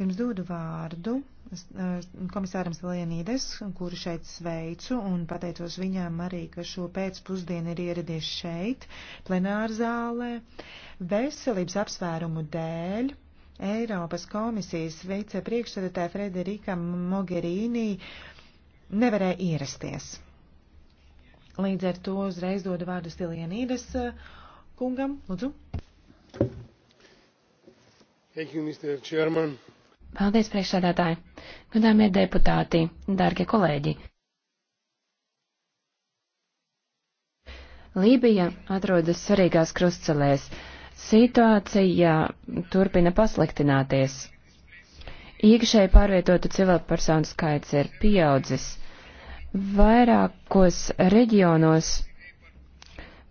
Pirms dodu vārdu komisāram Stelienīdes, kuru šeit sveicu un pateicos viņām arī, ka šo pēcpusdienu ir ieradies šeit, plenārzālē, veselības apsvērumu dēļ. Eiropas komisijas vicepriekšsēdētāja Frederika Mogherīnī nevarēja ierasties. Līdz ar to uzreiz dodu vārdu Stilienīdes kungam. Lūdzu. Thank you, Mr. Chairman. Paldies, priekšsēdētāji! Godāmie deputāti, dārgie kolēģi! Lībija atrodas svarīgās krustcelēs. Situācija turpina pasliktināties. Iekšēji pārvietotu civilpersonu skaits ir pieaudzis. Vairākos reģionos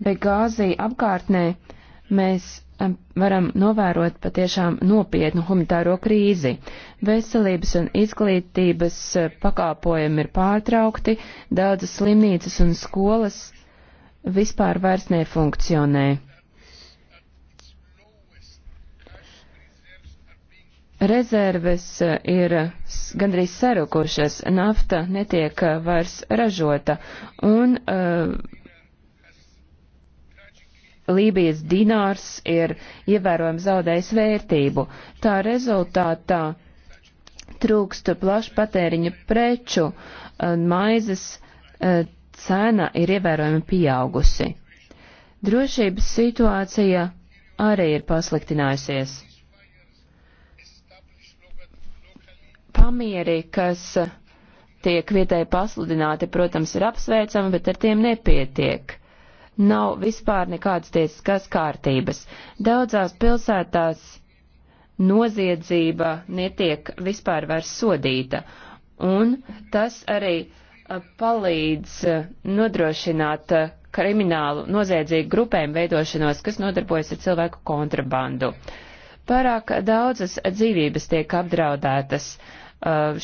Begāzī apkārtnē mēs varam novērot patiešām nopietnu humanitāro krīzi. Veselības un izglītības eh, pakāpojumi ir pārtraukti, daudzas slimnīcas un skolas vispār vairs nefunkcionē. Rezerves eh, ir gandrīz sarukušas, nafta netiek eh, vairs ražota un uh, Lībijas dinārs ir ievērojami zaudējis vērtību. Tā rezultātā trūkst plašu patēriņu preču, maizes e, cena ir ievērojami pieaugusi. Drošības situācija arī ir pasliktinājusies. Pamieri, kas tiek vietēji pasludināti, protams, ir apsveicami, bet ar tiem nepietiek nav vispār nekādas tiesiskās kārtības. Daudzās pilsētās noziedzība netiek vispār vairs sodīta, un tas arī palīdz nodrošināt kriminālu noziedzīgu grupēm veidošanos, kas nodarbojas ar cilvēku kontrabandu. Pārāk daudzas dzīvības tiek apdraudētas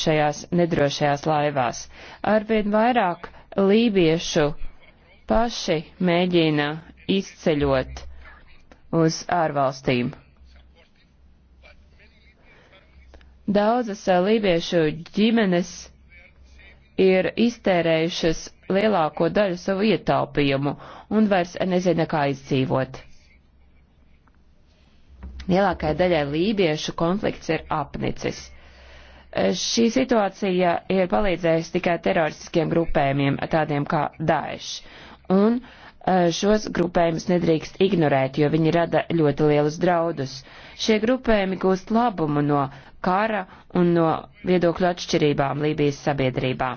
šajās nedrošajās laivās. Arvien vairāk lībiešu paši mēģina izceļot uz ārvalstīm. Daudzas eh, lībiešu ģimenes ir iztērējušas lielāko daļu savu ietaupījumu un vairs nezina, kā izdzīvot. Lielākajai daļai lībiešu konflikts ir apnicis. Eh, šī situācija ir palīdzējusi tikai teroristiskiem grupējumiem, tādiem kā Daesh, Un e, šos grupējumus nedrīkst ignorēt, jo viņi rada ļoti lielus draudus. Šie grupējumi gūst labumu no kara un no viedokļu atšķirībām Lībijas sabiedrībā.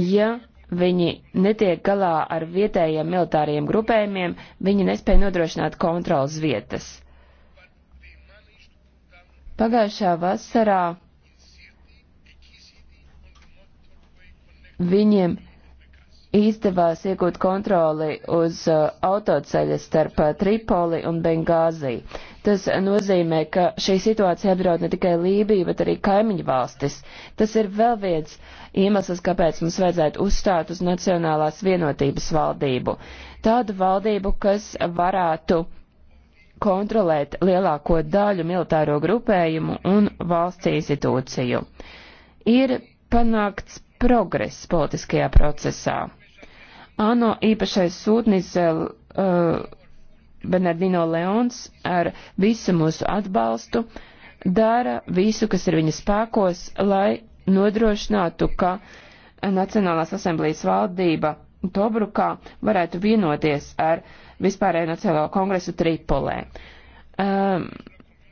Ja viņi netiek galā ar vietējiem militāriem grupējumiem, viņi nespēja nodrošināt kontrolas vietas. Pagājušā vasarā viņiem izdevās iegūt kontroli uz uh, autoceļa starp uh, Tripoli un Bengāzī. Tas nozīmē, ka šī situācija apdraud ne tikai Lībiju, bet arī kaimiņu valstis. Tas ir vēl viens iemesls, kāpēc mums vajadzētu uzstāt uz Nacionālās vienotības valdību. Tādu valdību, kas varētu kontrolēt lielāko daļu militāro grupējumu un valsts institūciju. Ir panākts progress politiskajā procesā. ANO īpašais sūtnis uh, Bernardino Leons ar visu mūsu atbalstu dara visu, kas ir viņa spēkos, lai nodrošinātu, ka Nacionālās asamblējas valdība Tobrukā varētu vienoties ar vispārējo Nacionālo kongresu Tripolē. Um,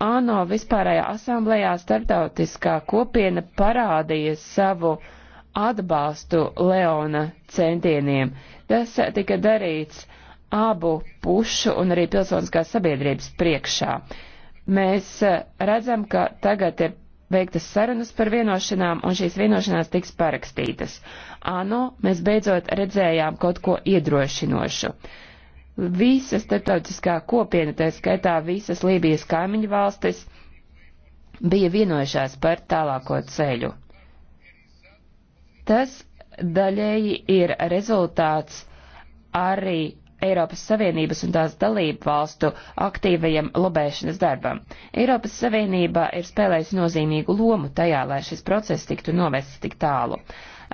ANO vispārējā asamblējā starptautiskā kopiena parādīja savu uh, atbalstu Leona centieniem. Tas tika darīts abu pušu un arī pilsoniskās sabiedrības priekšā. Mēs eh, redzam, ka tagad ir veiktas sarunas par vienošanām, un šīs vienošanās tiks parakstītas. Ano, mēs beidzot redzējām kaut ko iedrošinošu. Visa starptautiskā kopiena, tā skaitā visas Lībijas kaimiņu valstis, bija vienojušās par tālāko ceļu. Tas daļēji ir rezultāts arī Eiropas Savienības un tās dalību valstu aktīvajam lobēšanas darbam. Eiropas Savienība ir spēlējusi nozīmīgu lomu tajā, lai šis process tiktu novests tik tālu.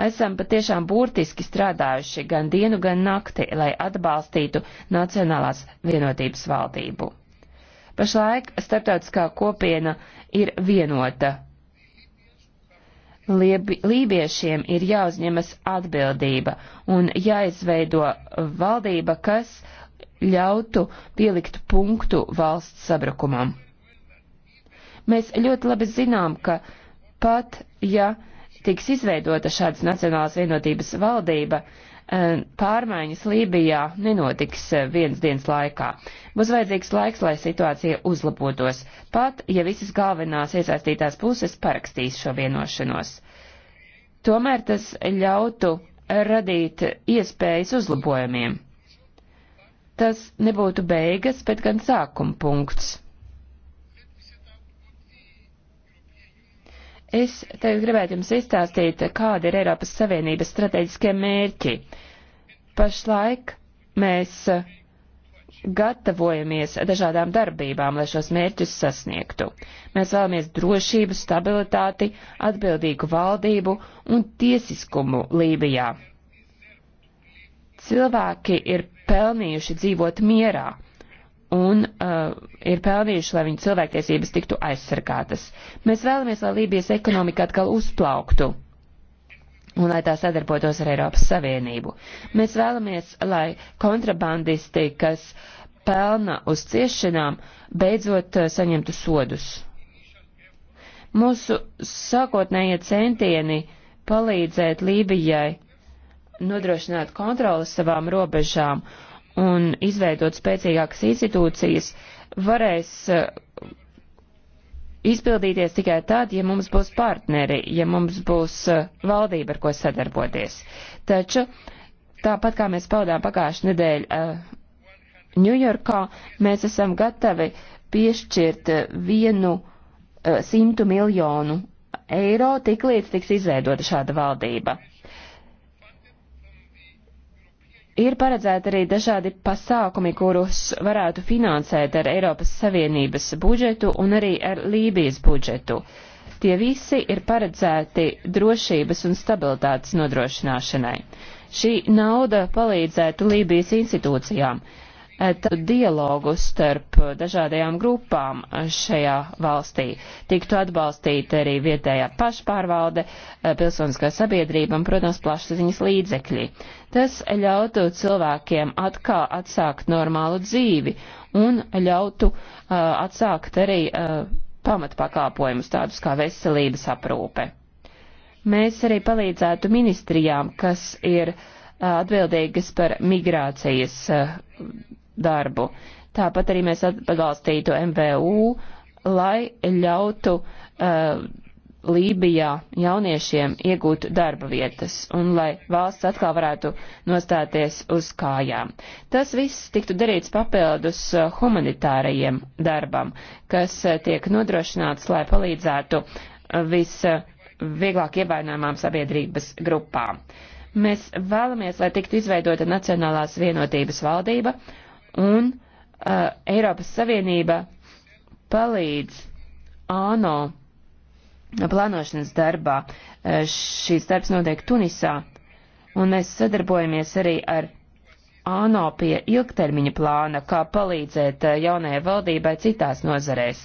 Esam patiešām burtiski strādājuši gan dienu, gan nakti, lai atbalstītu Nacionālās vienotības valdību. Pašlaik starptautiskā kopiena ir vienota Liebi, lībiešiem ir jāuzņemas atbildība un jāizveido valdība, kas ļautu pielikt punktu valsts sabrukumam. Mēs ļoti labi zinām, ka pat ja tiks izveidota šādas Nacionālās vienotības valdība, Eh, pārmaiņas Lībijā nenotiks eh, vienas dienas laikā. Būs vajadzīgs laiks, lai situācija uzlabotos, pat ja visas galvenās iesaistītās puses parakstīs šo vienošanos. Tomēr tas ļautu radīt iespējas uzlabojumiem. Tas nebūtu beigas, bet gan sākuma punkts. Es tagad gribētu jums izstāstīt, kāda ir Eiropas Savienības strateģiskie mērķi. Pašlaik mēs gatavojamies dažādām darbībām, lai šos mērķus sasniegtu. Mēs vēlamies drošību, stabilitāti, atbildīgu valdību un tiesiskumu Lībijā. Cilvēki ir pelnījuši dzīvot mierā, un uh, ir pelnījuši, lai viņu cilvēktiesības tiktu aizsargātas. Mēs vēlamies, lai Lībijas ekonomika atkal uzplauktu un lai tā sadarbotos ar Eiropas Savienību. Mēs vēlamies, lai kontrabandisti, kas pelna uz ciešanām, beidzot uh, saņemtu sodus. Mūsu sākotnējie centieni palīdzēt Lībijai nodrošināt kontroli savām robežām un izveidot spēcīgākas institūcijas, varēs eh, izpildīties tikai tad, ja mums būs partneri, ja mums būs eh, valdība, ar ko sadarboties. Taču, tāpat kā mēs paudām pagājušajā nedēļā Ņujorkā, eh, uh, mēs esam gatavi piešķirt vienu uh, simtu miljonu eiro, tik līdz tiks izveidota šāda valdība. Ir paredzēti arī dažādi pasākumi, kurus varētu finansēt ar Eiropas Savienības budžetu un arī ar Lībijas budžetu. Tie visi ir paredzēti drošības un stabilitātes nodrošināšanai. Šī nauda palīdzētu Lībijas institūcijām. Eh, tad dialogu starp eh, dažādajām grupām eh, šajā valstī. Tiktu atbalstīta arī vietējā pašpārvalde, pilsoniskā sabiedrība un, protams, plašsaziņas līdzekļi. Tas ļautu cilvēkiem atkal atsākt normālu dzīvi un ļautu uh, atsākt arī uh, pamatpakāpojumus tādus kā veselības aprūpe. Mēs arī palīdzētu ministrijām, kas ir uh, atbildīgas par migrācijas uh, darbu. Tāpat arī mēs atbalstītu MVU, lai ļautu uh, Lībijā jauniešiem iegūt darba vietas un lai valsts atkal varētu nostāties uz kājām. Tas viss tiktu darīts papildus uh, humanitārajiem darbam, kas uh, tiek nodrošināts, lai palīdzētu uh, visvieglāk ievaināmām sabiedrības grupām. Mēs vēlamies, lai tiktu izveidota Nacionālās vienotības valdība un uh, Eiropas Savienība palīdz ANO plānošanas darbā. Uh, šīs darbs notiek Tunisā, un mēs sadarbojamies arī ar ANO pie ilgtermiņa plāna, kā palīdzēt uh, jaunajai valdībai citās nozarēs.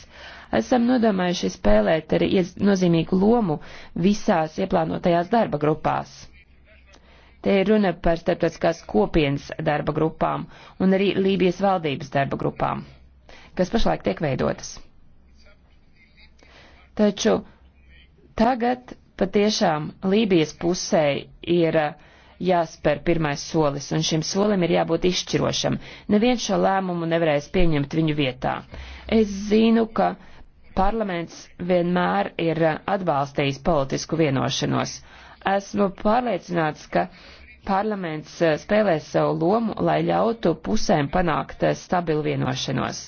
Esam nodomājuši spēlēt arī nozīmīgu lomu visās ieplānotajās darba grupās. Te ir runa par starptautiskās kopienas darba grupām un arī Lībijas valdības darba grupām, kas pašlaik tiek veidotas. Taču tagad patiešām Lībijas pusē ir uh, jāspēr pirmais solis, un šim solim ir jābūt izšķirošam. Neviens šo lēmumu nevarēs pieņemt viņu vietā. Es zinu, ka parlaments vienmēr ir uh, atbalstījis politisku vienošanos, Esmu pārliecināts, ka parlaments eh, spēlēs savu lomu, lai ļautu pusēm panākt eh, stabilu vienošanos.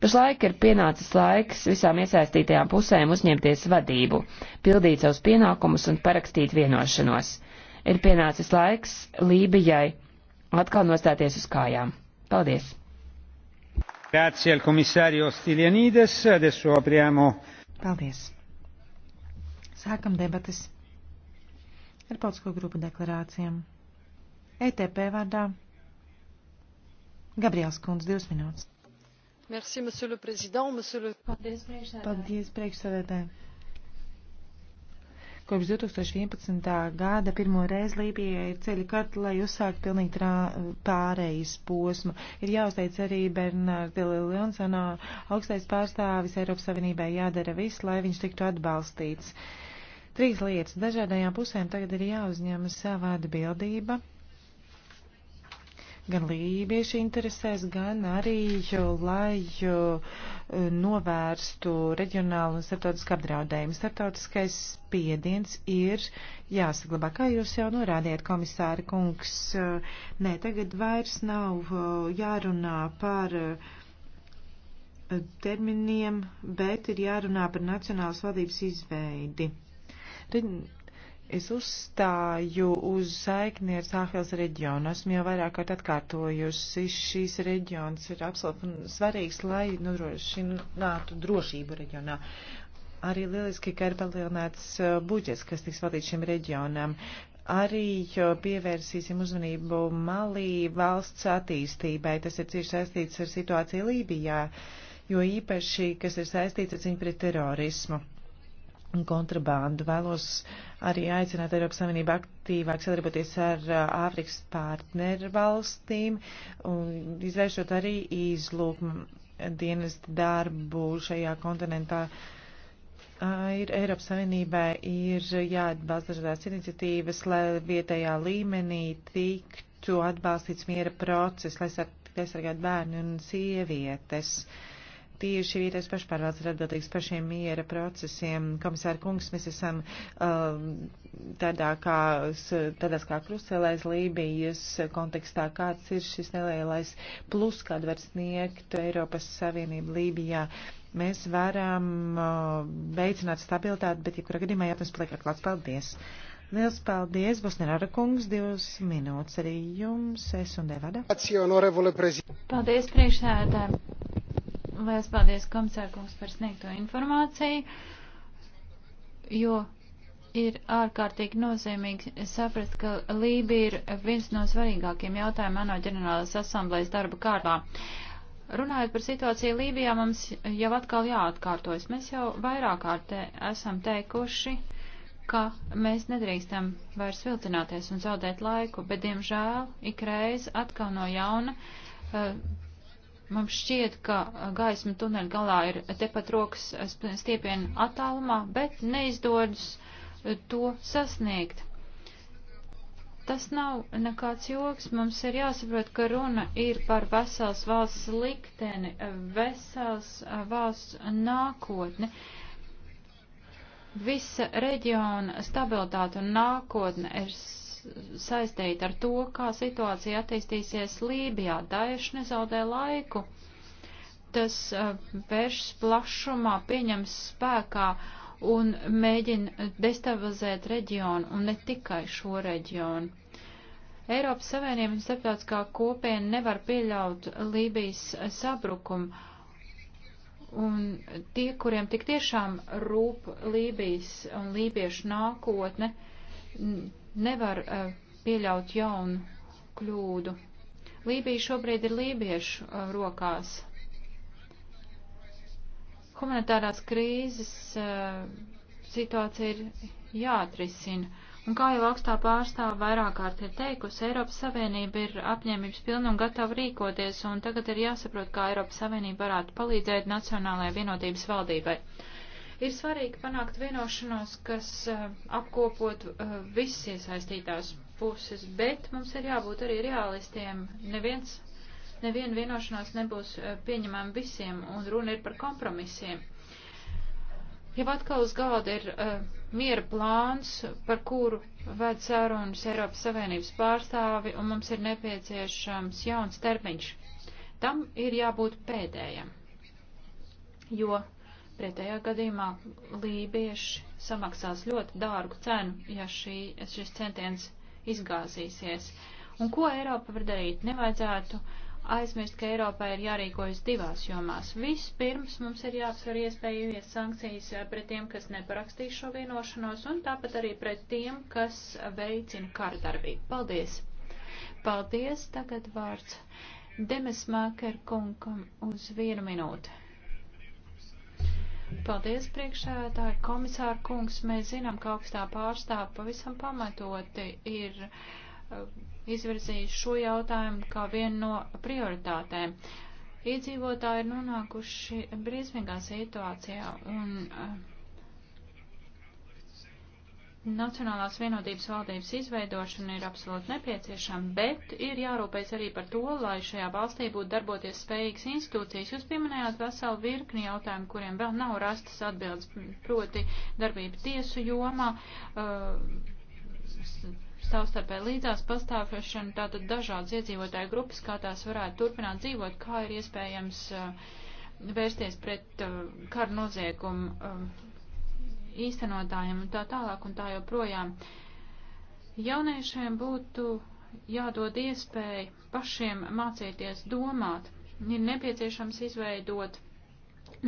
Pašlaik ir pienācis laiks visām iesaistītajām pusēm uzņemties vadību, pildīt savus pienākumus un parakstīt vienošanos. Ir pienācis laiks Lībijai atkal nostāties uz kājām. Paldies! Grazie al komisario Stilianides. Adesso apriamo. Paldies. Sākam debatas ar politisko grupu deklarācijām. ETP vārdā Gabriels Kunds, divas minūtes. Merci, monsieur le président, monsieur le... Paldies, priekšsēdētāji. Paldies, priekšsēdētāji. Kopš 2011. gada pirmo reizi Lībijai ir ceļa karta, lai uzsākt pilnīgi pārējais posmu. Ir jāuzteic arī Bernārdi Liljonsano augstais pārstāvis Eiropas Savienībai jādara viss, lai viņš tiktu atbalstīts. Uh, Trīs lietas. Dažādajām pusēm tagad ir jāuzņemas savā atbildība. Gan lībieši interesēs, gan arī, jo, lai jo, eh, novērstu reģionālu un starptautisku apdraudējumu. Starptautiskais spiediens ir jāsaglabā. Kā jūs jau norādījāt, komisāri kungs, eh, nē, tagad vairs nav eh, jārunā par terminiem, bet ir jārunā par nacionālas valdības izveidi. Tad es uzstāju uz saikni ar Sāhels reģionu. Esmu jau vairāk kārt atkārtojusi, šīs reģions ir absolūti svarīgs, lai nodrošinātu drošību reģionā. Arī lieliski, ka ir palielināts uh, budžets, kas tiks veltīts šim reģionam arī uh, pievērsīsim uzmanību Malī valsts attīstībai. Tas ir cieši saistīts ar situāciju Lībijā, jo īpaši, kas ir saistīts ar ciņu pret terorismu un kontrabandu. Vēlos arī aicināt Eiropas Savienību aktīvāk sadarboties ar uh, Āfrikas partneru valstīm un izvēršot arī izlūk dienestu darbu šajā kontinentā. Ir Eiropas Savienībai ir jāatbalsta dažādās iniciatīvas, lai vietējā līmenī tiktu atbalstīts miera process, lai aizsargātu bērnu un sievietes. Uh, Tieši vietējais pašpārvalds ir atbildīgs par šiem miera procesiem. Komisāra kungs, mēs esam um, tādā kā, tādās kā krustelēs Lībijas kontekstā, kāds ir šis nelielais plus, kādu var sniegt Eiropas Savienība Lībijā. Mēs varam uh, veicināt stabilitāti, bet jebkurā gadījumā jautājums paliek atklāts. Paldies! Liels paldies, Bosnirāra kungs, divas minūtes arī jums, es un Devada. Paldies, priekšsēdētāji! Lielas paldies komisārkums par sniegto informāciju, jo ir ārkārtīgi nozīmīgi saprast, ka Lībija ir viens no svarīgākiem jautājumiem ANO ģenerālas asamblējas darba kārtā. Runājot par situāciju Lībijā, mums jau atkal jāatkārtojas. Mēs jau vairāk kārt esam teikuši, ka mēs nedrīkstam vairs vilcināties un zaudēt laiku, bet, diemžēl, ikreiz atkal no jauna uh, Mums šķiet, ka gaisma tuneļa galā ir tepat rokas stiepienu attālumā, bet neizdodas to sasniegt. Tas nav nekāds joks. Mums ir jāsaprot, ka runa ir par vesels valsts likteni, vesels eh, valsts nākotni. Visa reģiona stabilitāte un nākotne ir saistīta ar to, kā situācija attīstīsies Lībijā. Daesh nezaudē laiku. Tas eh, vēršas plašumā, pieņems spēkā un mēģina destabilizēt reģionu un ne tikai šo reģionu. Eiropas Savienība un starptautiskā kopiena nevar pieļaut Lībijas sabrukumu. Un tie, kuriem tik tiešām rūp Lībijas un lībiešu nākotne, nevar uh, pieļaut jaunu kļūdu. Lībija šobrīd ir lībiešu uh, rokās. Humanitārās krīzes uh, situācija ir jāatrisina. Un kā jau augstā pārstāva vairāk kārt ir teikusi, Eiropas Savienība ir apņēmības pilna un gatava rīkoties, un tagad ir jāsaprot, kā Eiropas Savienība varētu palīdzēt Nacionālajai vienotības valdībai. Uh, Ir svarīgi panākt vienošanos, kas eh, apkopot eh, visas iesaistītās puses, bet mums ir jābūt arī realistiem. Neviens, neviena vienošanās nebūs eh, pieņemama visiem, un runa ir par kompromisiem. Jau atkal uz galda ir uh, miera plāns, par kuru ved sarunas Eiropas Savienības pārstāvi, un mums ir nepieciešams jauns termiņš. Tam ir jābūt pēdējam, jo Pretējā gadījumā lībieši samaksās ļoti dārgu cenu, ja šī, šis centiens izgāzīsies. Un ko Eiropa var darīt? Nevajadzētu aizmirst, ka Eiropā ir jārīkojas divās jomās. Vispirms mums ir jāapsver iespējas sankcijas eh, pret tiem, kas neparakstīs šo vienošanos, un tāpat arī pret tiem, kas veicina kārdarbību. Paldies! Paldies! Tagad vārds Demes Māker kungam uz vienu minūti. Paldies, priekšsēdētāji, komisāra kungs. Mēs zinām, ka augstā pārstāva pavisam pamatoti ir eh, izvirzījis šo jautājumu kā vienu no prioritātēm. Iedzīvotāji ir nonākuši briesmīgā situācijā un eh, Nacionālās vienotības valdības izveidošana ir absolūti nepieciešama, bet ir jārūpējas arī par to, lai šajā valstī būtu darboties spējīgas institūcijas. Jūs pieminējāt veselu virkni jautājumu, kuriem vēl nav rastas atbildes, proti darbība tiesu jomā, uh, savstarpēji līdzās pastāvēšana, tātad dažādas iedzīvotāju grupas, kā tās varētu turpināt dzīvot, kā ir iespējams uh, vērsties pret uh, karu noziegumu īstenotājiem un tā tālāk un tā joprojām. Jauniešiem būtu jādod iespēja pašiem mācīties domāt. Ir nepieciešams izveidot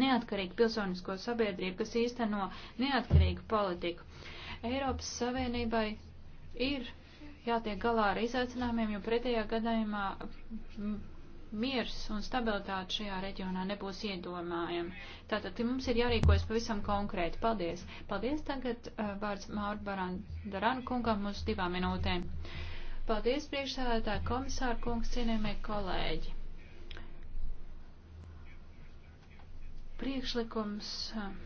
neatkarīgu pilsonisko sabiedrību, kas īsteno neatkarīgu politiku. Eiropas Savienībai ir jātiek galā ar izaicinājumiem, jo pretējā gadījumā miers un stabilitāte šajā reģionā nebūs iedomājama. Tātad mums ir jārīkojas pavisam konkrēti. Paldies. Paldies tagad uh, vārds Mauru Barandaranu kungam uz divām minūtēm. Paldies priekšsēdētāji komisāru kungs, cienījamie kolēģi. Priekšlikums. Uh,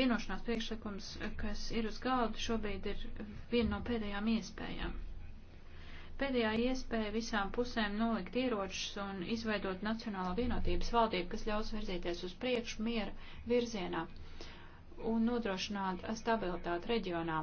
Vienošanās priekšlikums, uh, kas ir uz galda, šobrīd ir viena no pēdējām iespējām pēdējā iespēja visām pusēm nolikt ieročus un izveidot Nacionālo vienotības valdību, kas ļaus virzīties uz priekšu miera virzienā un nodrošināt stabilitāti reģionā.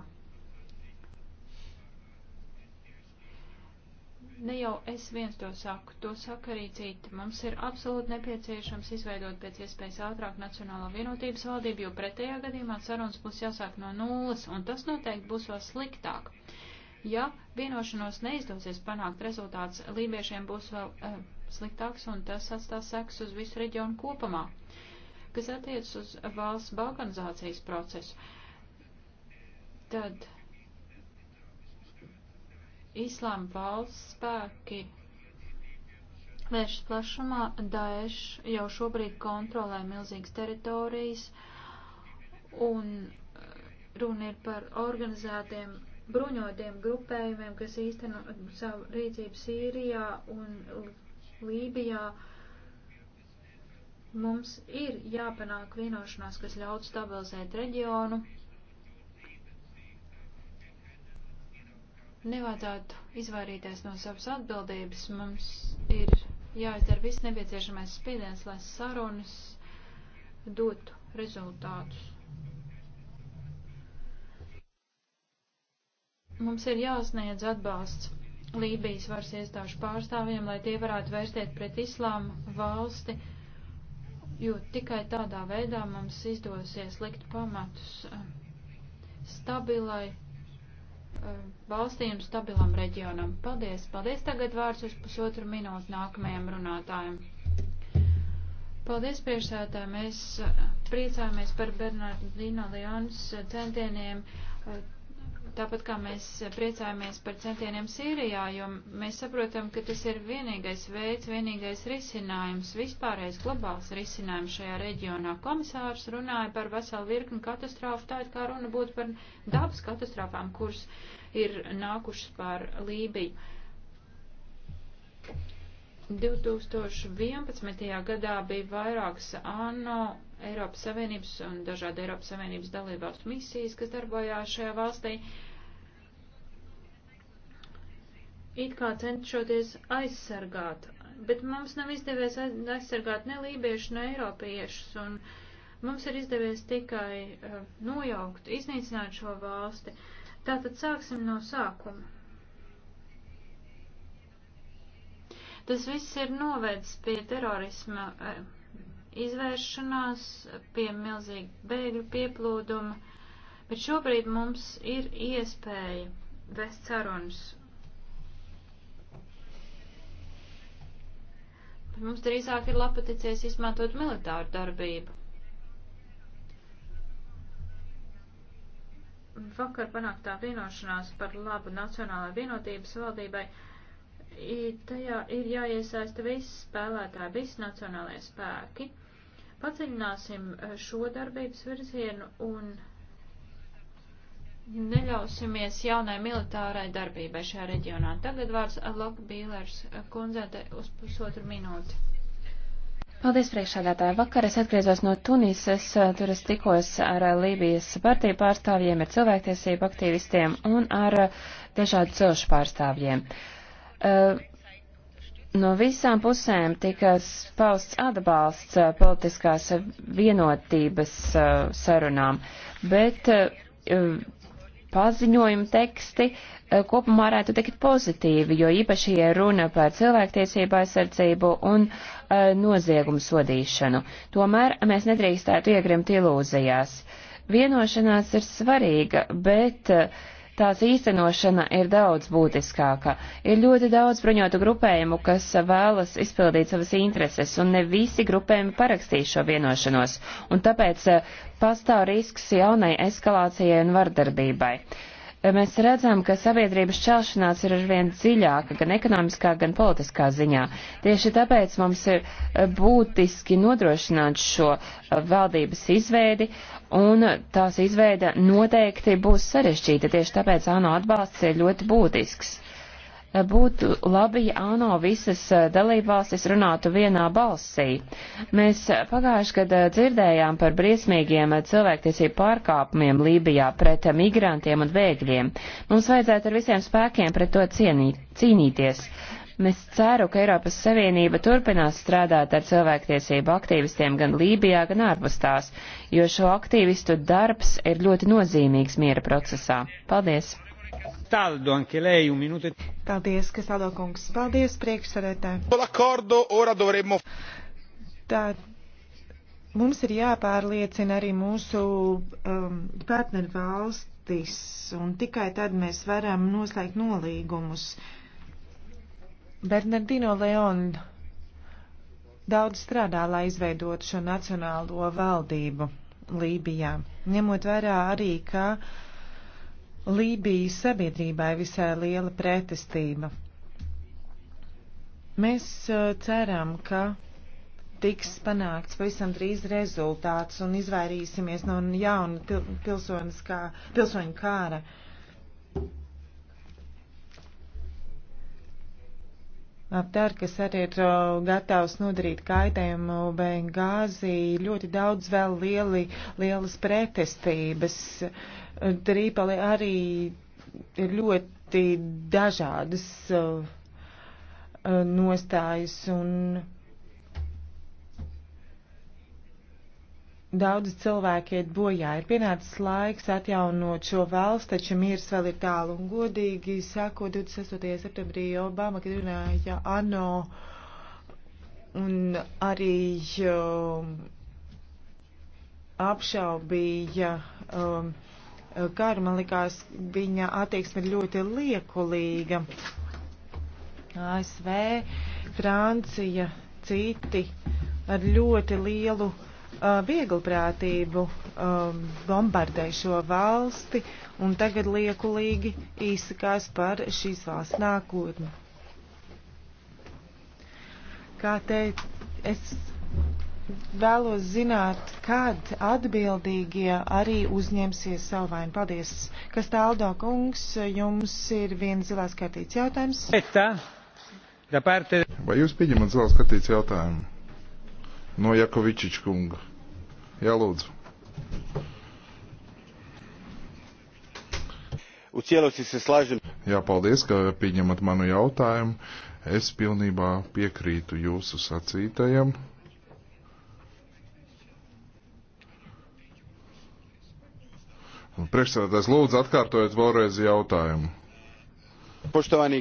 Ne jau es viens to saku, to saka arī citi. Mums ir absolūti nepieciešams izveidot pēc iespējas ātrāk Nacionālo vienotības valdību, jo pretējā gadījumā sarunas būs jāsāk no nulles, un tas noteikti būs vēl sliktāk. Uh, Ja vienošanos neizdosies panākt, rezultāts lībiešiem būs vēl uh, sliktāks un tas atstās seks uz visu reģionu kopumā, kas attiec uz valsts balkanizācijas procesu. Tad Īslām valsts spēki vēršas plašumā, Daesh jau šobrīd kontrolē milzīgas teritorijas, un runa ir par organizētiem bruņotiem grupējumiem, kas īsteno savu rīcību Sīrijā un Lībijā. Mums ir jāpanāk vienošanās, kas ļautu stabilizēt reģionu. Nevajadzētu izvairīties no savas atbildības. Mums ir jāizdara viss nepieciešamais spiediens, lai sarunas dotu rezultātus. Mums ir jāsniedz atbalsts Lībijas varas iestāžu pārstāvjiem, lai tie varētu vērsties pret islāma valsti, jo tikai tādā veidā mums izdosies likt pamatus eh, stabilai eh, valstī un stabilam reģionam. Paldies! Paldies! Tagad vārds uz pusotru minūtu nākamajam runātājam. Paldies, priekšsētā! Mēs eh, priecājamies par Bernardino Leons centieniem Tāpat kā mēs priecājamies par centieniem Sīrijā, jo mēs saprotam, ka tas ir vienīgais veids, vienīgais risinājums, vispārējais globāls risinājums šajā reģionā. Komisārs runāja par veselu virkni katastrofu, tā it kā runa būtu par dabas katastrofām, kuras ir nākušas pār Lībiju. 2011. gadā bija vairākas ANO Eiropas Savienības un dažādi Eiropas Savienības dalībās misijas, kas darbojās šajā valstī, it kā cenšoties aizsargāt, bet mums nav izdevies aizsargāt ne lībiešus, ne eiropiešus, un mums ir izdevies tikai uh, nojaukt, iznīcināt šo valsti. Tātad sāksim no sākuma. Tas viss ir novērts pie terorisma eh, izvēršanās, pie milzīga bēgļu pieplūduma, bet šobrīd mums ir iespēja vest sarunas. Mums drīzāk ir lapaticies izmantot militāru darbību. Vakar panāktā vienošanās par labu Nacionālajai vienotības valdībai tajā ir jāiesaista visi spēlētāji, visi nacionālajie spēki. Paceļināsim e, šo darbības virzienu un neļausimies jaunai militārai darbībai šajā reģionā. Tagad vārds Loka Bīlers kundzēte uz pusotru minūti. Paldies, priekšādātāji. Vakar es atgriezos no Tunises, e, tur es tikos ar e, Lībijas partiju pārstāvjiem, ar cilvēktiesību aktīvistiem un ar dažādu cilšu pārstāvjiem. Uh, Eh, no visām pusēm tika pausts atbalsts eh, politiskās vienotības eh, sarunām, bet paziņojumu teksti kopumā varētu teikt pozitīvi, jo īpaši, ja runa par cilvēktiesību aizsardzību un noziegumu sodīšanu. Tomēr mēs nedrīkstētu iegrimt ilūzijās. Vienošanās ir svarīga, bet uh, tās īstenošana ir daudz būtiskāka. Ir ļoti daudz bruņotu grupējumu, kas vēlas izpildīt savas intereses, un ne visi grupējumi parakstīs šo vienošanos, un tāpēc eh, pastāv risks jaunai eskalācijai un vardarbībai mēs redzam, ka sabiedrības šķelšanās ir arvien dziļāka, gan ekonomiskā, gan politiskā ziņā. Tieši tāpēc mums ir eh, būtiski nodrošināt šo eh, valdības izveidi, un tās izveida noteikti būs sarežģīta, tieši tāpēc ANO atbalsts ir ļoti būtisks. Būtu labi, ja ANO visas eh, dalībvalstis runātu vienā balsī. Mēs eh, pagājuši, kad eh, dzirdējām par briesmīgiem cilvēktiesību pārkāpumiem Lībijā pret migrantiem un bēgļiem. Mums vajadzētu ar visiem spēkiem pret to cienīt, cīnīties. Mēs ceru, ka Eiropas Savienība turpinās strādāt ar cilvēktiesību aktīvistiem gan Lībijā, gan ārpus tās, jo šo aktīvistu darbs ir ļoti nozīmīgs miera procesā. Paldies! Castaldo, anche lei un minuto. E- Paldies, Castaldo kungs. Paldies, priekšsarētāji. Tā, mums ir jāpārliecina arī mūsu um, partneru valstis, un tikai tad mēs varam noslēgt nolīgumus. Bernardino Leon daudz strādā, lai izveidotu šo nacionālo valdību Lībijā, ņemot vērā arī, ka uh, Lībijas sabiedrībai visai liela pretestība. Mēs uh, ceram, ka tiks panākts pavisam drīz rezultāts un izvairīsimies no jauna pil kā, pilsoņu kāra. Aptār, kas arī ir uh, gatavs nodarīt kaitējumu Bengāzī, ļoti daudz vēl lieli, lielas pretestības. Uh, Trīpoli arī ir ļoti dažādas uh, uh, nostājas un daudz cilvēki iet bojā. Ir pienācis laiks atjaunot šo valsts, taču miers vēl ir tālu. Un godīgi sākot 26. septembrī Obama, kad runāja ANO un arī um, apšaubīja. Um, karu. Man likās, viņa attieksme ir ļoti liekulīga. ASV, Francija, citi ar ļoti lielu uh, vieglprātību um, bombardē šo valsti un tagad liekulīgi izsakās par šīs valsts nākotni. Kā te es vēlos zināt, kad atbildīgie arī uzņemsies savu vainu. Paldies. Kas tā, Aldo kungs, jums ir viens zilās kartīts jautājums? Vai jūs pieņemat zilās kartīts jautājumu? No Jakovičiča kunga. Jā, lūdzu. U cijelosti se slažem. Jā, paldies, ka pieņemat manu jautājumu. Es pilnībā piekrītu jūsu sacītajam. Priekšsēdētājs, lūdzu, atkārtojiet vēlreiz jautājumu. Poštovani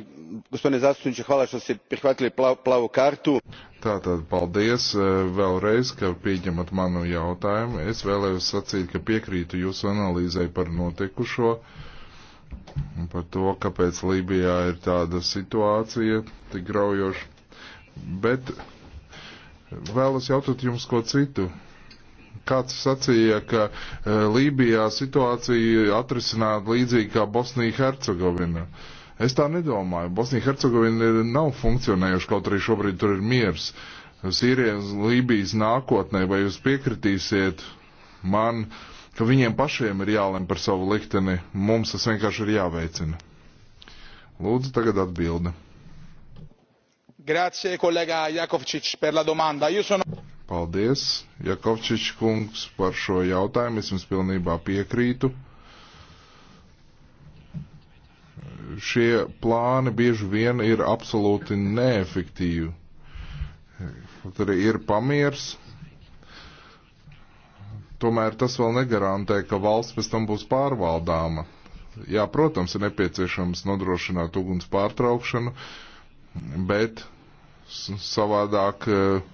gospodine zastupniče, hvala što ste prihvatili plavu kartu. Tātad paldies e, vēlreiz, ka pieņemat manu jautājumu. Es vēlējos sacīt, ka piekrītu jūsu analīzai par notikušo un par to, kāpēc Lībijā ir tāda situācija tik graujoša. Bet vēlos jautāt jums ko citu. Kāds sacīja, ka e, Lībijā situācija atrisināt līdzīgi kā Bosnija-Hercegovina. Es tā nedomāju. Bosnija-Hercegovina nav funkcionējuši, kaut arī šobrīd tur ir miers. Sīrijas, Lībijas nākotnē, vai jūs piekritīsiet man, ka viņiem pašiem ir jālem par savu likteni, mums tas vienkārši ir jāveicina. Lūdzu, tagad atbildi. Grazie, kolēģa Jakovčič, par la domanda. Jūs un... Sono... Paldies, Jakovčič kungs, par šo jautājumu. Es jums pilnībā piekrītu. Šie plāni bieži vien ir absolūti neefektīvi. Tur ir pamiers. Tomēr tas vēl negarantē, ka valsts pēc tam būs pārvaldāma. Jā, protams, ir nepieciešams nodrošināt uguns pārtraukšanu, bet savādāk uh,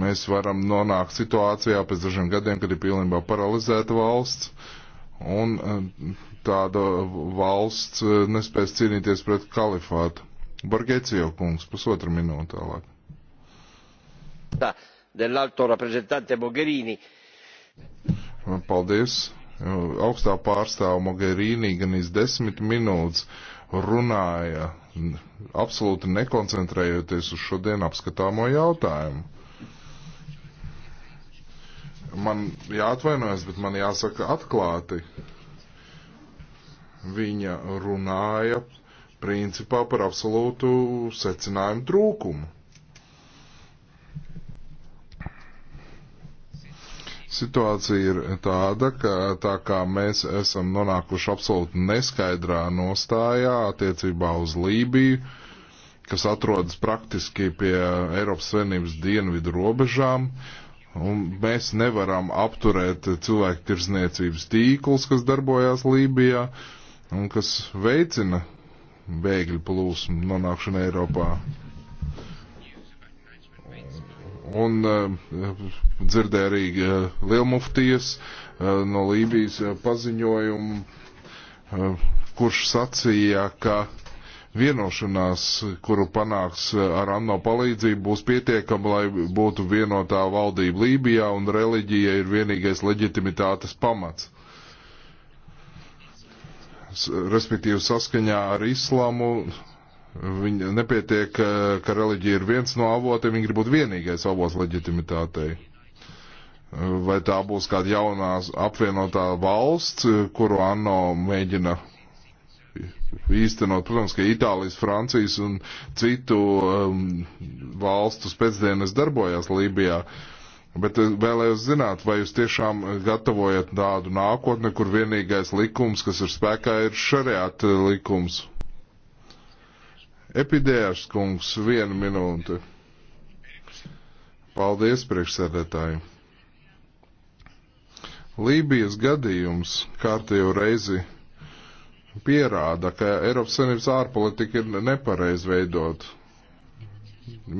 Mēs varam nonākt situācijā pēc dažiem gadiem, kad ir pilnībā paralizēta valsts, un eh, tāda valsts eh, nespēs cīnīties pret kalifātu. Bargecijo kungs, pusotra minūte tālāk. Tā, dell'alto rappresentante Mogherini. Paldies augstā pārstāva Mogherini gan iz desmit minūtes runāja, absolūti nekoncentrējoties uz šodien apskatāmo jautājumu. Man jāatvainojas, bet man jāsaka atklāti. Viņa runāja principā par absolūtu secinājumu trūkumu. Situācija ir tāda, ka tā kā mēs esam nonākuši absolūti neskaidrā nostājā attiecībā uz Lībiju, kas atrodas praktiski pie Eiropas Savienības dienvidu robežām, uh, Un mēs nevaram apturēt cilvēku tirzniecības tīklus, kas darbojās Lībijā un kas veicina bēgļu plūsmu nonākšanu Eiropā. Un uh, dzirdēju arī uh, eh, Lielmuftijas uh, eh, no Lībijas uh, paziņojumu, uh, kurš sacīja, ka uh, vienošanās, kuru panāks ar ANO palīdzību, būs pietiekama, lai būtu vienotā valdība Lībijā un reliģija ir vienīgais leģitimitātes pamats. Respektīvi saskaņā ar islāmu viņa nepietiek, ka reliģija ir viens no avotiem, viņa grib būt vienīgais avots leģitimitātei. Vai tā būs kāda jaunā apvienotā valsts, kuru ANO mēģina īstenot. Protams, ka Itālijas, Francijas un citu um, valstu pēcdienas darbojās Lībijā. Bet vēlējos zināt, vai jūs tiešām gatavojat tādu nākotni, kur vienīgais likums, kas ir spēkā, ir šariāta likums. Epidējas kungs, viena minūte. Paldies, priekšsēdētāji. Lībijas gadījums kārtējo reizi pierāda, ka Eiropas Savienības ārpolitika ir nepareiz veidot.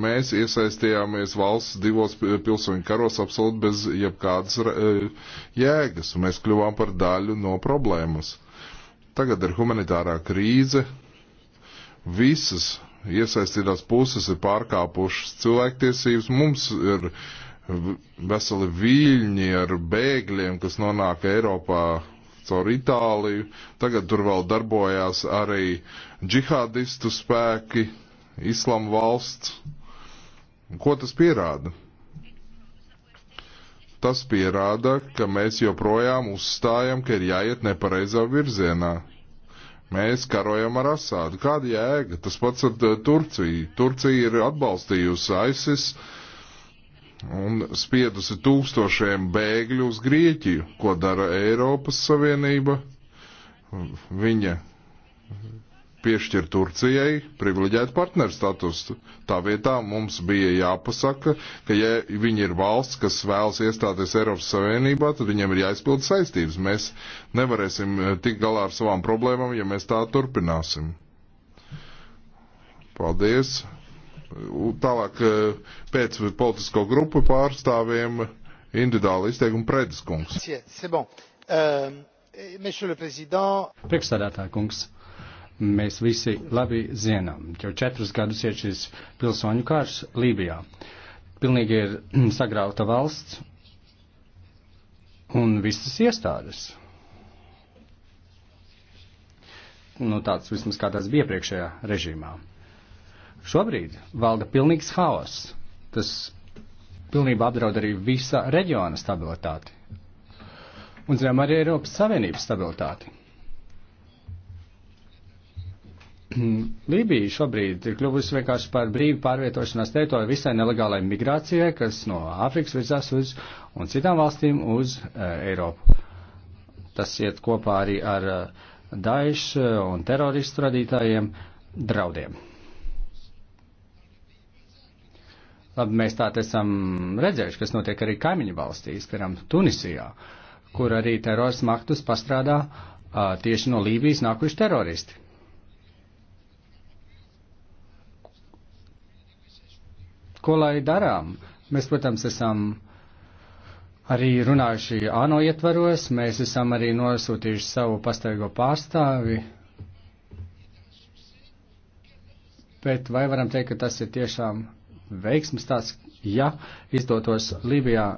Mēs iesaistījāmies valsts divos pilsoņu karos absolūti bez jebkādas eh, jēgas, un mēs kļuvām par daļu no problēmas. Tagad ir humanitārā krīze. Visas iesaistītās puses ir pārkāpušas cilvēktiesības. Mums ir veseli viļņi ar bēgļiem, kas nonāk Eiropā caur Itāliju. Tagad tur vēl darbojās arī džihādistu spēki, islama valsts. Ko tas pierāda? Tas pierāda, ka mēs joprojām uzstājam, ka ir jāiet nepareizā virzienā. Mēs karojam ar Asādu. Kāda jēga? Tas pats ar eh, Turciju. Turcija ir atbalstījusi ISIS. Uh, un spiedusi tūkstošiem bēgļu uz Grieķiju, ko dara Eiropas Savienība. Viņa piešķir Turcijai privileģētu partneru statusu. Tā vietā mums bija jāpasaka, ka ja viņi ir valsts, kas vēlas iestāties Eiropas Savienībā, tad viņiem ir jāizpild saistības. Mēs nevarēsim eh, tikt galā ar savām problēmām, ja mēs tā turpināsim. Paldies! Tālāk eh, pēc politisko grupu pārstāvjiem individuāli izteikumu pretskungs. Bon. Uh, Priekšstādātā kungs, mēs visi labi zinām, jau četrus gadus iet šis pilsoņu karš Lībijā. Pilnīgi ir mm, sagrauta valsts un visas iestādes. Nu, tāds vismaz kā tāds bija priekšējā režīmā. Šobrīd valda pilnīgs haoss. Tas pilnībā apdraud arī visa reģiona stabilitāti. Un, zinām, arī Eiropas Savienības stabilitāti. Lībija šobrīd ir kļuvusi vienkārši par brīvu pārvietošanās teritoriju visai nelegālai migrācijai, kas no Āfrikas virzās uz un citām valstīm uz uh, Eiropu. Tas iet kopā arī ar uh, Daesh eh, un teroristu radītājiem draudiem. Labi, mēs tā esam redzējuši, kas notiek arī kaimiņu valstīs, piemēram, Tunisijā, kur arī terorismu aktus pastrādā uh, tieši no Lībijas nākuši teroristi. Ko lai darām? Mēs, protams, esam arī runājuši ANO ietvaros, mēs esam arī nosūtījuši savu pastāvīgo pārstāvi. Bet vai varam teikt, ka tas ir tiešām veiksmes tāds, ja izdotos Libijā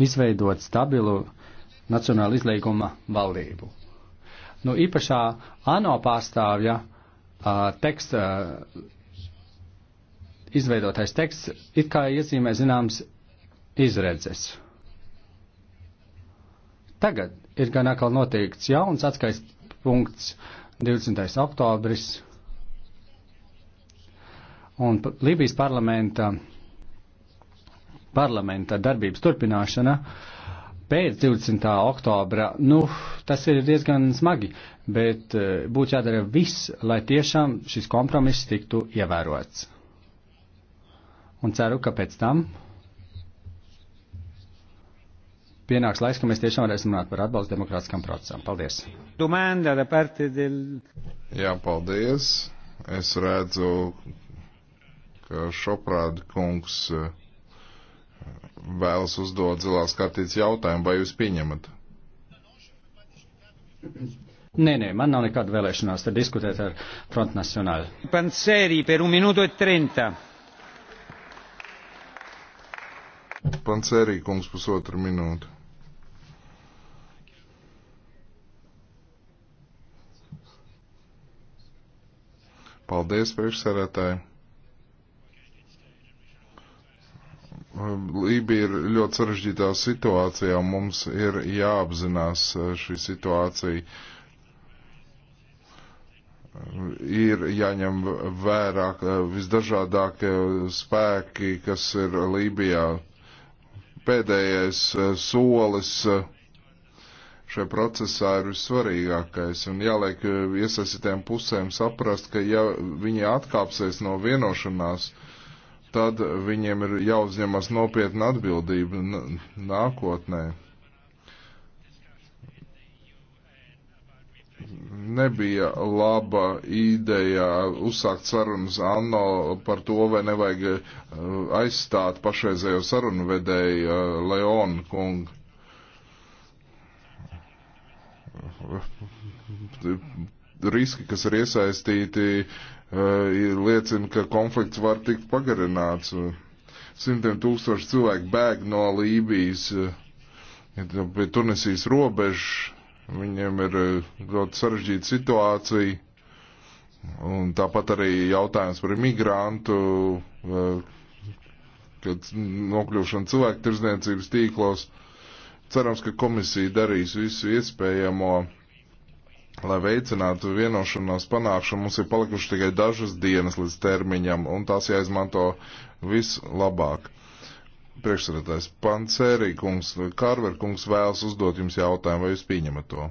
izveidot stabilu nacionāla izlīguma valdību. Nu, īpašā ANO pārstāvja uh, teksts, uh, izveidotais teksts, it kā iezīmē zināms izredzes. Tagad ir gan atkal noteikts jauns atskaits punkts 20. oktobris Un Lībijas parlamenta, parlamenta darbības turpināšana pēc 20. oktobra, nu, tas ir diezgan smagi, bet e, būtu jādara viss, lai tiešām šis kompromiss tiktu ievērots. Un ceru, ka pēc tam pienāks laiks, ka mēs tiešām varēsim runāt par atbalstu demokrātiskam procesam. Paldies! Jā, paldies! Es redzu, ka Šoprāda kungs eh, vēlas uzdot zilās kartītes jautājumu, vai jūs pieņemat? Nē, nē, man nav nekāda vēlēšanās te diskutēt ar Front National. Panseri per un minūtu e trenta. Panseri kungs pusotru minūtu. Paldies, priekšsarētāji! Um, Lībija ir ļoti sarežģītā situācijā, un mums ir jāapzinās uh, šī situācija. Ir jāņem vērā uh, visdažādākie uh, spēki, kas ir Lībijā. Pēdējais solis šajā procesā ir vissvarīgākais, un jāliek iesaistītēm pusēm saprast, ka ja viņi atkāpsies no vienošanās, uh, tad viņiem ir jāuzņemas nopietna atbildība nākotnē. Nebija laba ideja uzsākt sarunas Anno par to, vai nevajag eh, aizstāt pašreizējo sarunu vedēju eh, Leonu kungu. Riski, kas ir iesaistīti uh, Eh, liecina, ka konflikts var tikt pagarināts. Simtiem tūkstoši cilvēku bēg no Lībijas eh, pie Tunisijas robežas. Viņiem ir eh, ļoti sarežģīta situācija. Un tāpat arī jautājums par imigrantu, kad nokļūšana cilvēku tirzniecības tīklos. Cerams, ka komisija darīs visu iespējamo Lai veicinātu vienošanos panākšanu, mums ir palikuši tikai dažas dienas līdz termiņam, un tās jāizmanto vislabāk. Priekšsēdētājs Pancēri kungs, Kārver kungs vēlas uzdot jums jautājumu, vai jūs pieņemat to?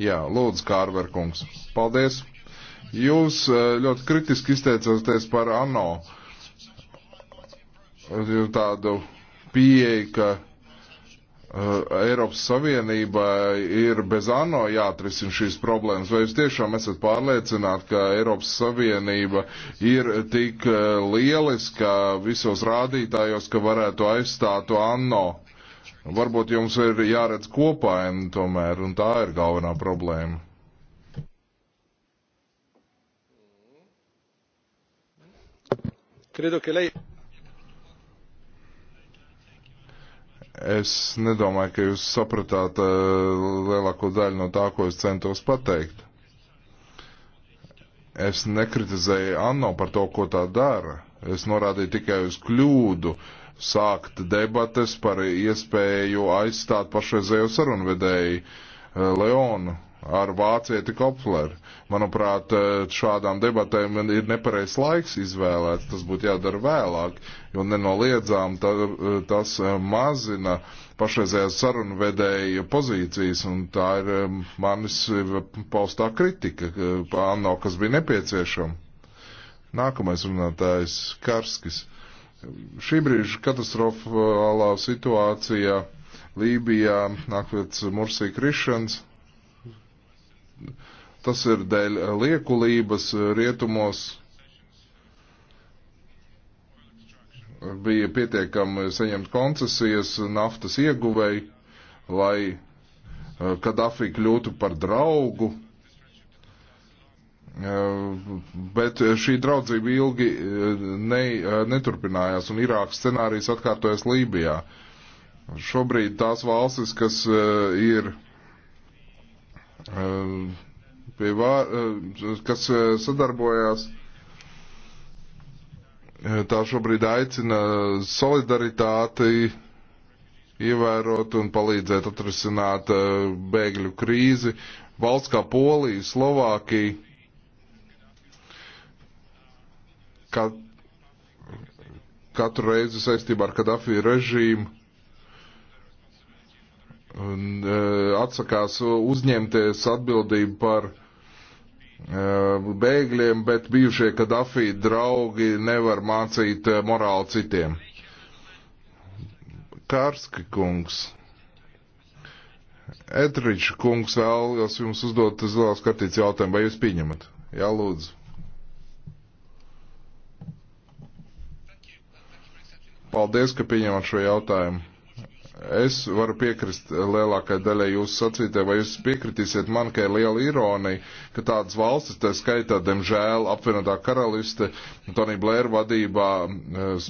Jā, lūdzu, Kārver kungs. Paldies! Jūs eh, ļoti kritiski izteicāties par ANO tādu pieeja, ka Eh, Eiropas Savienība ir bez ANO jāatrisina šīs problēmas, vai jūs tiešām esat pārliecināti, ka Eiropas Savienība ir tik eh, lieliska visos rādītājos, ka varētu aizstātu ANO? Varbūt jums ir jāredz kopaini tomēr, un tā ir galvenā problēma. Credo che lei Es nedomāju, ka jūs sapratāt eh, lielāko daļu no tā, ko es centos pateikt. Es nekritizēju Anno par to, ko tā dara. Es norādīju tikai uz kļūdu sākt debates par iespēju aizstāt pašreizējo sarunvedēju eh, Leonu ar vācieti Kopleru. Manuprāt, šādām debatēm ir nepareizs laiks izvēlēts, tas būtu jādara vēlāk, jo nenoliedzām tā, tas mazina pašreizējās sarunu vedēja pozīcijas, un tā ir eh, manis paustā kritika, eh, Anno, kas bija nepieciešama. Nākamais runātājs Karskis. Šī brīža katastrofālā situācija Lībijā, nāk pēc Mursī krišanas, Tas ir dēļ eh, liekulības eh, rietumos. Bija pietiekami saņemt koncesijas naftas ieguvēji, lai eh, Kadafi kļūtu par draugu. Bet šī draudzība ilgi ne, neturpinājās, un Irākas scenārijs atkārtojas Lībijā. Šobrīd tās valstis, kas ir Ehm, pie vār, ehm, kas eh, sadarbojās. Eh, tā šobrīd aicina solidaritāti ievērot un palīdzēt atrisināt eh, bēgļu krīzi. Valsts kā Polija, Slovākija, kat, katru reizi saistībā ar Kadafi režīmu Eh, atsakās uzņemties atbildību par eh, bēgļiem, bet bijušie Kadafī draugi nevar mācīt eh, morāli citiem. Kārski kungs. Etriča kungs vēlas jums uzdot zilās kartītes jautājumu, vai jūs pieņemat? Jā, lūdzu. Paldies, ka pieņemat šo jautājumu. Es varu piekrist lielākai daļai jūsu sacītē, vai jūs piekritīsiet man, ka ir liela ironija, ka tādas valstis, tā skaitā, demžēl, apvienotā karaliste, Tonija Blēra vadībā eh,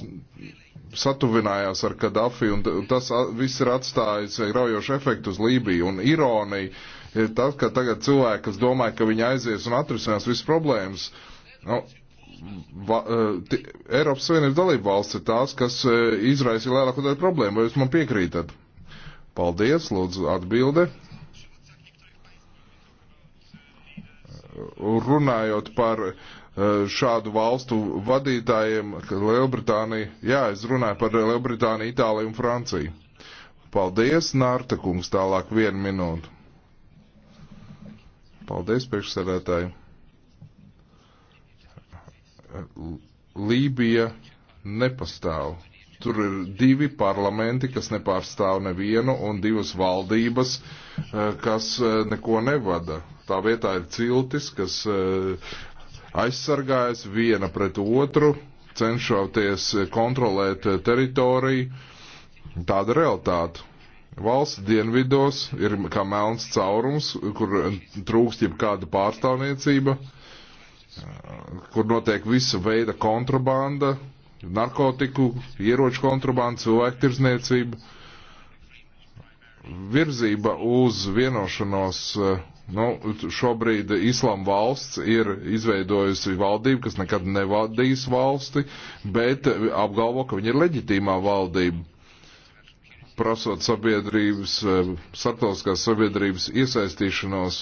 satuvinājās ar Kadafi, un tas viss ir atstājis raujošu efektu uz Lībiju, un ironija ir tas, ka tagad cilvēki, kas domāja, ka viņi aizies un atrisinās visas problēmas, nu, va, eh, t, Eiropas Savienības dalība valsts ir tās, kas eh, izraisīja lielāko daļu problēmu. Vai jūs man piekrītat? Paldies, lūdzu, atbildi. Runājot par eh, šādu valstu vadītājiem, Lielbritānija, jā, es runāju par Lielbritāniju, Itāliju un Franciju. Paldies, Nārta kungs, tālāk vienu minūtu. Paldies, priekšsēdētāji. Lībija nepastāv. Tur ir divi parlamenti, kas nepārstāv nevienu, un divas valdības, eh, kas eh, neko nevada. Tā vietā ir ciltis, kas eh, aizsargājas viena pret otru, cenšoties kontrolēt teritoriju. Tāda realitāte. Valsts dienvidos ir kā melns caurums, kur trūkst jebkāda pārstāvniecība. Uh, kur notiek visa veida kontrabanda, narkotiku, ieroču kontrabanda, cilvēku tirzniecība, virzība uz vienošanos. Nu, šobrīd Islām valsts ir izveidojusi valdību, kas nekad nevadīs valsti, bet apgalvo, ka viņa ir leģitīmā valdība prasot sabiedrības, eh, starptautiskās sabiedrības iesaistīšanos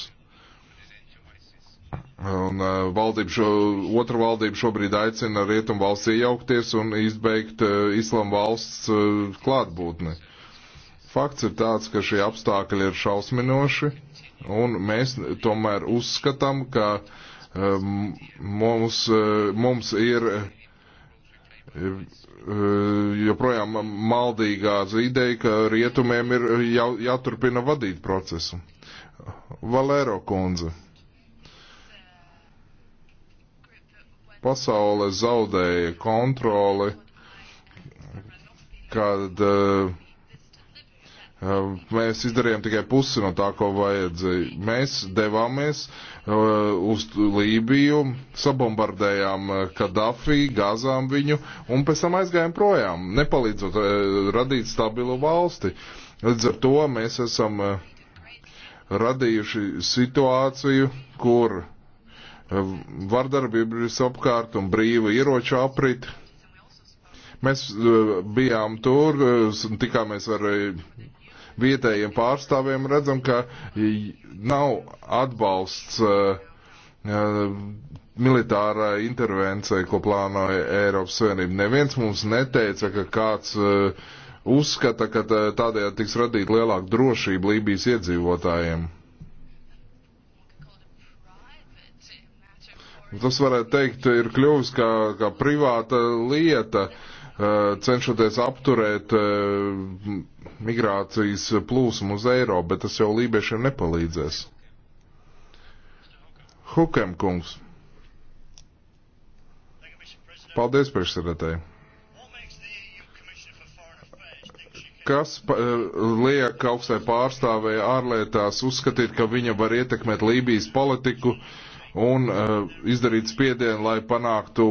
Un eh, valdība šo, otra valdība šobrīd aicina rietumu valsts iejaukties un izbeigt eh, islamu valsts eh, klātbūtni. Fakts ir tāds, ka šie apstākļi ir šausminoši, un mēs tomēr uzskatām, ka mums, mums ir joprojām maldīgā ideja, ka rietumiem ir jā, jāturpina vadīt procesu. Valero kundze. Pasaule zaudēja kontroli, kad uh, Mēs izdarījām tikai pusi no tā, ko vajadzēja. Mēs devāmies uh, uz Lībiju, sabombardējām eh, Kadafi, gāzām viņu un pēc tam aizgājām projām, nepalīdzot uh, radīt stabilu valsti. Līdz ar to mēs esam uh, radījuši situāciju, kur vardarbība visapkārt un brīva ieroču aprit. Mēs e, bijām tur, e, tikāmies ar e, vietējiem pārstāvjiem, redzam, ka nav atbalsts militārā intervencija, ko plānoja Eiropas Savienība. Neviens mums neteica, ka kāds uzskata, ka tādējādi tiks radīta lielāka drošība Lībijas iedzīvotājiem. Tas varētu teikt, ir kļuvis kā, kā privāta lieta, eh, cenšoties apturēt eh, migrācijas plūsmu uz Eiropu, bet tas jau lībiešiem nepalīdzēs. Hukem kungs. Paldies, priekšsēdētāji. kas eh, liek augstai pārstāvēja ārlietās uzskatīt, ka viņa var ietekmēt Lībijas politiku, uh, un eh, izdarīt spiedienu, lai panāktu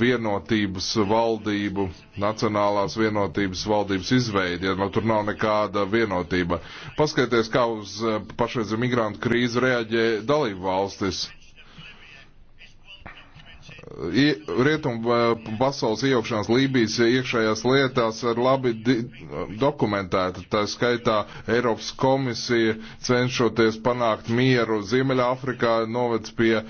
vienotības valdību, nacionālās vienotības valdības izveidi, ja no nu tur nav nekāda vienotība. Paskaties, kā uz eh, pašreiz migrantu krīzi reaģē dalību valstis rietumu pasaules iejaukšanās Lībijas iekšējās lietās ir labi dokumentēta. Tā skaitā Eiropas komisija cenšoties panākt mieru Ziemeļāfrikā novec pie uh,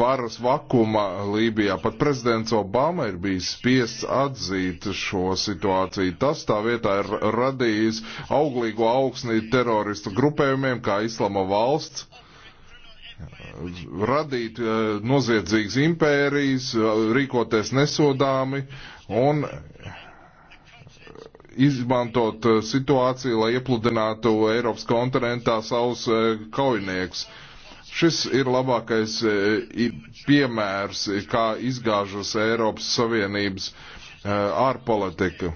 varas vakuma Lībijā. Pat prezidents Obama ir bijis spiests atzīt šo situāciju. Tas tā vietā ir radījis auglīgu augsnī teroristu grupējumiem kā Islama valsts radīt eh, noziedzīgas impērijas, eh, rīkoties nesodāmi un izmantot eh, situāciju, lai iepludinātu Eiropas kontinentā savus kaujiniekus. Šis ir labākais piemērs, kā izgāžas Eiropas Savienības ārpolitika.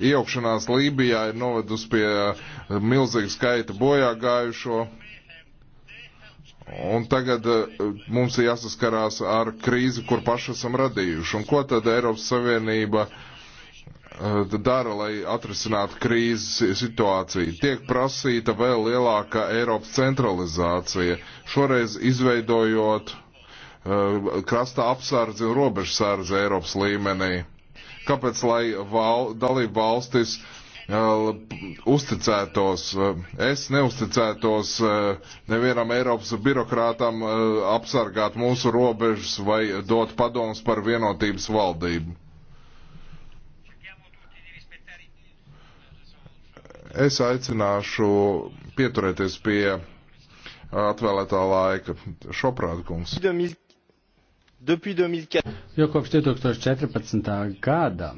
Iejaukšanās Lībijā ir novedus pie milzīga skaita bojā gājušo Un tagad eh, mums ir jāsaskarās ar krīzi, kur paši esam radījuši. Un ko tad Eiropas Savienība eh, dara, lai atrisinātu krīzes situāciju? Tiek prasīta vēl lielāka Eiropas centralizācija, šoreiz izveidojot eh, krasta apsardzi un robežsardzi Eiropas līmenī. Kāpēc, lai val, dalību valstis uh, uzticētos, eh, es neuzticētos eh, nevienam Eiropas birokrātam eh, apsargāt mūsu robežas vai dot padomus par vienotības valdību. Es aicināšu pieturēties pie atvēlētā laika. Šoprāt, kungs. Jau kopš 2014. gada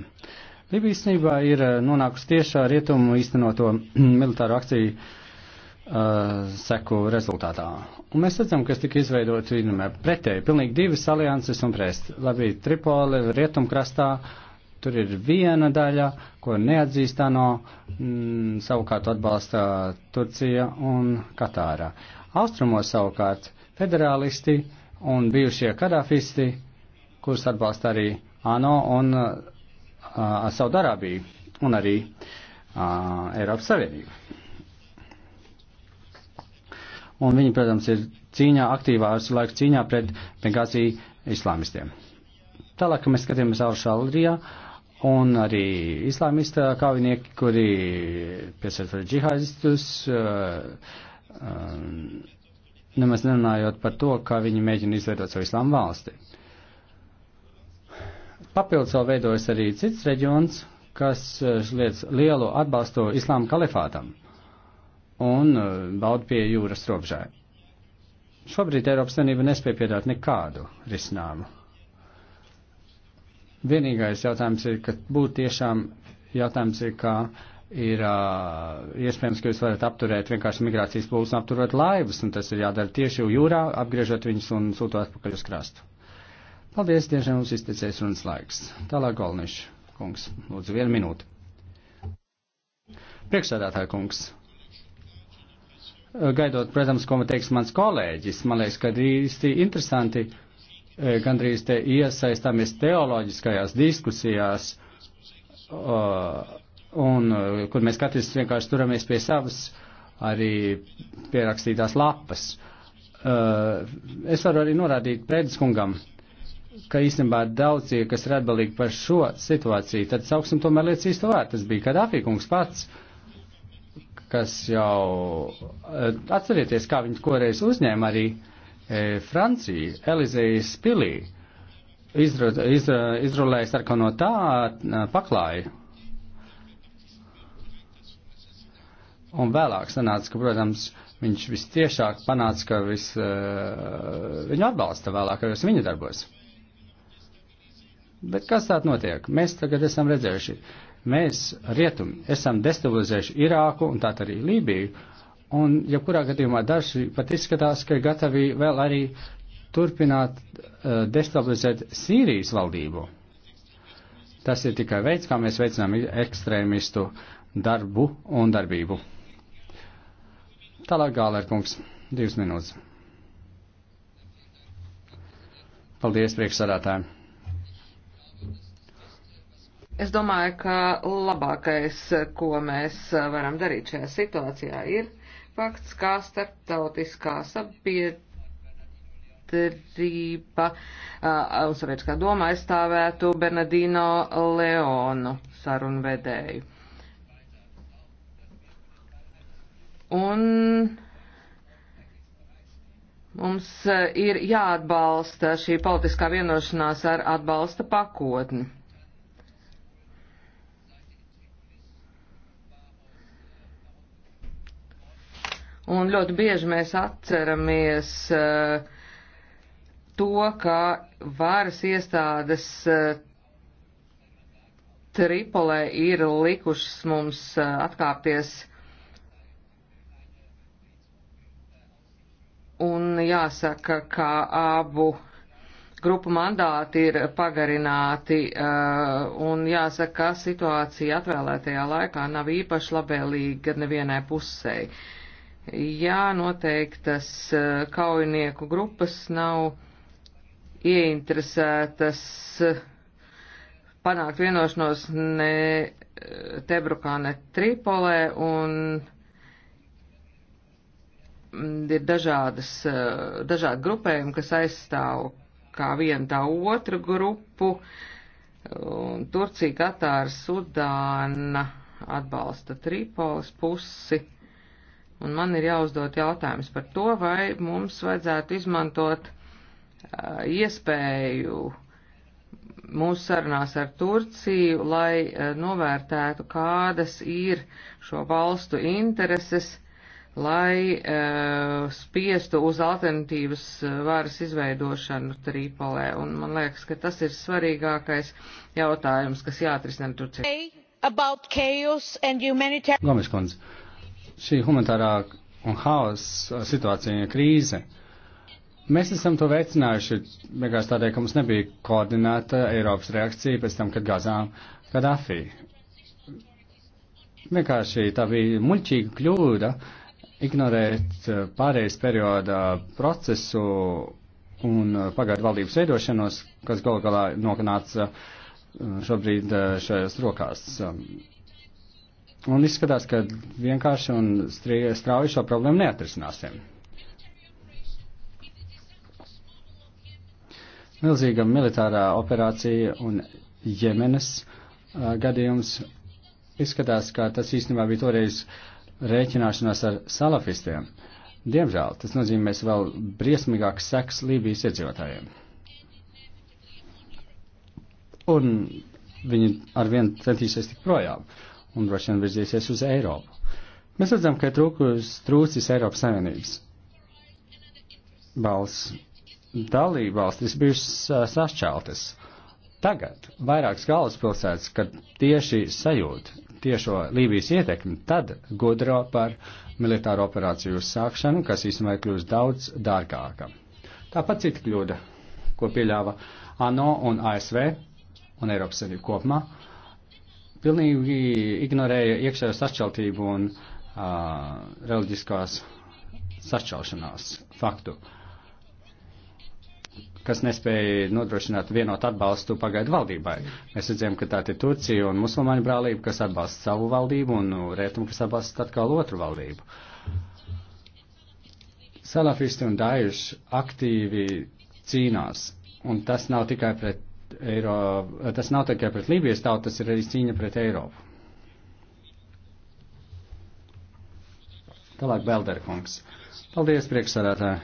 Libija īstenībā ir eh, nonākusi tiešā rietumu īstenoto militāru akciju uh, seku rezultātā. Un mēs redzam, kas tika izveidot pretēji. Pilnīgi divas alianses un prēst. Labi, Tripoli, rietumkrastā, tur ir viena daļa, ko neatzīst ANO, mm, savukārt atbalsta Turcija un Katāra. Austrumos savukārt federālisti un bijušie kadāfisti, kurus atbalsta arī ANO un uh, uh, Saudarābiju un arī uh, Eiropas Savienību. Un viņi, protams, ir cīņā aktīvā visu laiku cīņā pret Bengāzī islāmistiem. Tālāk mēs skatāmies Alšālijā un arī islāmista kāvinieki, kuri piesaista džihādistus. Uh, um, nemaz nerunājot par to, kā viņi mēģina izveidot savu islāmu valsti. Uh, Papildus vēl veidojas arī cits reģions, kas eh, liec lielu atbalstu islāma kalifātam un eh, baud pie jūras robežai. Šobrīd Eiropas Savienība nespēja piedāt nekādu risinājumu. Vienīgais jautājums ir, ka būtu tiešām jautājums ir, kā ir uh, iespējams, ka jūs varat apturēt vienkārši migrācijas plūsmu, apturēt laivas, un tas ir jādara tieši jūrā, apgriežot viņus un sūtot atpakaļ uz krastu. Paldies, tiešām mums izticēs runas laiks. Tālāk Golniš, kungs, lūdzu vienu minūti. Priekšsādātāja kungs. Gaidot, protams, ko man teiks mans kolēģis, man liekas, ka īsti interesanti e, gandrīz te iesaistāmies teoloģiskajās diskusijās, un e, kur mēs katrs vienkārši turamies pie savas arī pierakstītās lapas. E, es varu arī norādīt prēdiskungam, kungam ka īstenībā daudzie, kas ir atbildīgi par šo situāciju, tad sauksim tomēr lietas īsto vārdu. Tas bija Kadāfī kungs pats, kas jau eh, atcerieties, kā viņš koreiz uzņēma arī e, Franciju, Elizējas pilī, izru, izru, izrulēja sarkano tā eh, paklāju. Un vēlāk sanāca, ka, protams, viņš vistiešāk panāca, ka vis, uh, viņu atbalsta vēlākajos viņa darbos. Bet kas tā notiek? Mēs tagad esam redzējuši, mēs rietumi esam destabilizējuši Irāku un tā arī Lībiju, un jebkurā ja gadījumā daži pat izskatās, ka ir gatavi vēl arī turpināt uh, destabilizēt Sīrijas valdību. Tas ir tikai veids, kā mēs veicinām ekstrēmistu darbu un darbību. Tālāk Gālērkungs, divas minūtes. Paldies priekšsādātājiem. Es domāju, ka labākais, ko mēs varam darīt šajā situācijā, ir fakts, kā starptautiskā sabiedrība uh, un sabiedriskā doma aizstāvētu Bernardino Leonu sarunvedēju. Un mums ir jāatbalsta šī politiskā vienošanās ar atbalsta pakotni. Un ļoti bieži mēs atceramies uh, to, ka varas iestādes uh, Tripolē ir likušas mums uh, atkāpties. Un jāsaka, ka abu grupu mandāti ir pagarināti, un jāsaka, ka situācija atvēlētajā laikā nav īpaši labēlīga nevienai pusēji ja noteiktas eh, kaujinieku grupas nav ieinteresētas panākt vienošanos ne eh, Tebrukā, ne Tripolē, un mm, ir dažādas, eh, dažādi grupējumi, kas aizstāv kā vienu tā otru grupu, un Turcija, Katāra, Sudāna atbalsta Tripolis pusi. Un man ir jāuzdod jautājums par to, vai mums vajadzētu izmantot uh, iespēju mūsu sarunās ar Turciju, lai uh, novērtētu, kādas ir šo valstu intereses, lai uh, spiestu uz alternatīvas varas izveidošanu Trīpolē. Un man liekas, ka tas ir svarīgākais jautājums, kas jāatrisina Turcijai. Gomes kundze, šī humanitārā un haosa situācija krīze. Mēs esam to veicinājuši vienkārši tādēļ, ka mums nebija koordinēta Eiropas reakcija pēc tam, kad gāzām Kadafī. Vienkārši tā bija muļķīga kļūda ignorēt pārējais perioda procesu un pagaidu valdības veidošanos, kas gal galā nokanāca šobrīd šajās rokās. Un izskatās, ka vienkārši un strauji šo problēmu neatrisināsim. Milzīga militārā operācija un Jemenes uh, gadījums izskatās, ka tas īstenībā bija toreiz rēķināšanās ar salafistiem. Diemžēl tas nozīmēs vēl briesmīgāks seks Lībijas iedzīvotājiem. Un viņi arvien centīsies tik projām. Uh, un droši vien virzīsies uz Eiropu. Mēs redzam, ka trūkus, trūcis Eiropas Savienības balss dalība valstis bijušas sašķeltas. Tagad vairākas galvaspilsētas, kad tieši sajūt tiešo Lībijas ietekmi, tad gudro par militāru operāciju uzsākšanu, kas īstenībā kļūst daudz dārgāka. Tāpat cita kļūda, ko pieļāva ANO un ASV un Eiropas Savienība kopumā, uh, pilnīgi ignorēja iekšējo sašķeltību un uh, reliģiskās sašķelšanās faktu, kas nespēja nodrošināt vienot atbalstu pagaidu valdībai. Mēs redzējām, ka tā ir Turcija un musulmaņu brālība, kas atbalsta savu valdību, un rietumu, kas atbalsta atkal otru valdību. Salafisti un daiši aktīvi cīnās, un tas nav tikai pret Eiro, tas nav tikai pret Lībijas tautu, tas ir arī cīņa pret Eiropu. Tālāk Belderkungs. Paldies, priekšsādātāji.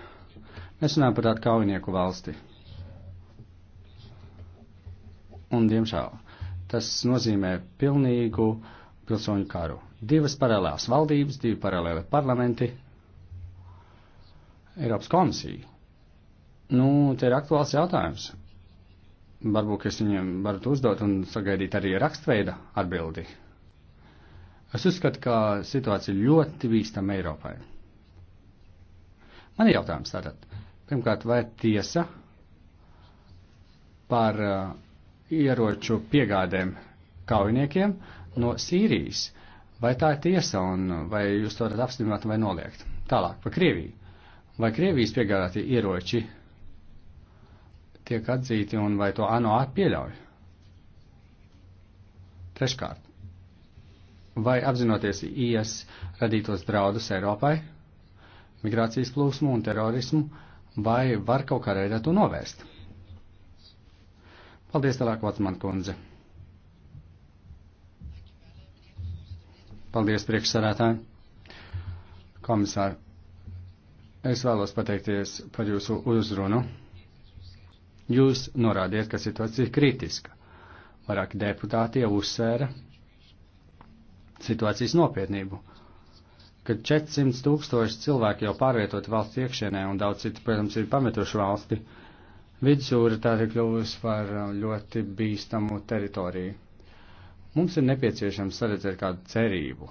Mēs runājam par tādu kaujinieku valsti. Un, diemžēl, tas nozīmē pilnīgu pilsoņu karu. Divas paralēlās valdības, divi paralēli parlamenti, Eiropas komisija. Nu, te ir aktuāls jautājums varbūt es viņiem varat uzdot un sagaidīt arī rakstveida atbildi. Es uzskatu, ka situācija ļoti bīstama Eiropai. Man ir jautājums tātad. Pirmkārt, vai tiesa par uh, ieroču piegādēm kaujiniekiem no Sīrijas, vai tā ir tiesa un vai jūs to varat apstiprināt vai noliegt? Tālāk, par Krieviju. Vai Krievijas piegādātie ieroči tiek atzīti un vai to ANO pieļauj? Treškārt, vai apzinoties IS radītos draudus Eiropai, migrācijas plūsmu un terorismu, vai var kaut kā veidā to novērst? Paldies, tālāk, Vatsman kundze. Paldies, priekšsarētāji. Komisāri, es vēlos pateikties par jūsu uzrunu. Jūs norādījat, ka situācija ir kritiska. Vairāki deputāti jau uzsvēra situācijas nopietnību, kad 400 tūkstoši cilvēki jau pārvietoti valsts iekšienē un daudz citu, protams, ir pametuši valsti. Vidusjūra tā ir kļuvusi par ļoti bīstamu teritoriju. Mums ir nepieciešams saredzēt kādu cerību.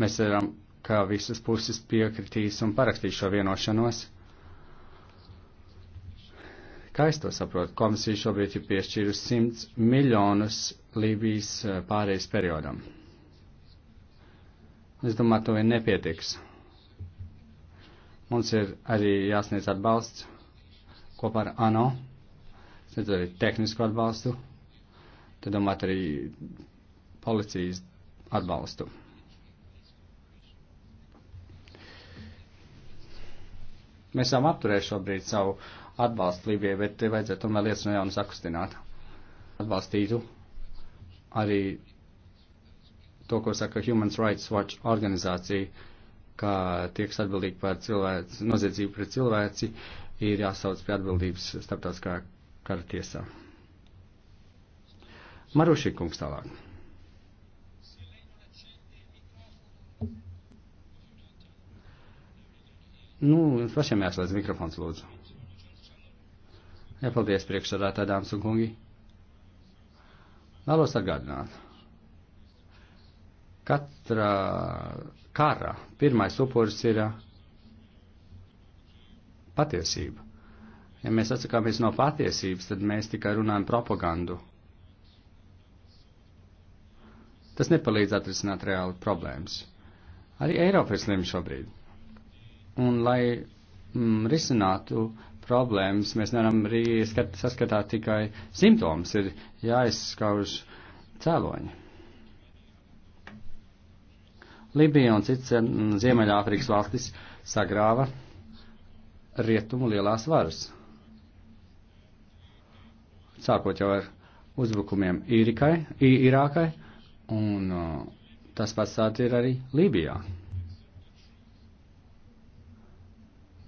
Mēs ceram, ka visas puses piekritīs un parakstīs šo vienošanos. Kā es to saprotu, komisija šobrīd ir piešķīrusi 100 miljonus Lībijas eh, pārējais periodam. Es domāju, to vien nepietiks. Mums ir arī jāsniedz atbalsts kopā ar ANO, sniedz arī tehnisku atbalstu, tad domāt arī policijas atbalstu. Mēs esam apturējuši šobrīd savu atbalstu Lībijai, bet te vajadzētu tomēr lietas no jauna sakustināt. Atbalstītu arī to, ko saka Human Rights Watch organizācija, ka tie, kas atbildīgi par cilvēci, noziedzību pret cilvēci, ir jāsauc pie atbildības starptautiskā kara tiesā. Marušikungs tālāk. Nu, pašiem jāslēdz mikrofons, lūdzu. Jā, paldies priekšsādātā dāmas un kungi. Vēlos atgādināt. Katra kara pirmais upuris ir uh, patiesība. Ja mēs atsakāmies no patiesības, tad mēs tikai runājam propagandu. Tas nepalīdz atrisināt reāli problēmas. Arī Eiropa ir slima šobrīd. Un, lai mm, risinātu problēmas, mēs nevaram arī skat, saskatāt tikai simptomus, ir jāizskauž cēloņi. Libija un cits Ziemeļāfrikas valstis sagrāva rietumu lielās varas. Sākot jau ar uzbrukumiem Īrikai, Irākai, un uh, tas pats ir arī Lībijā.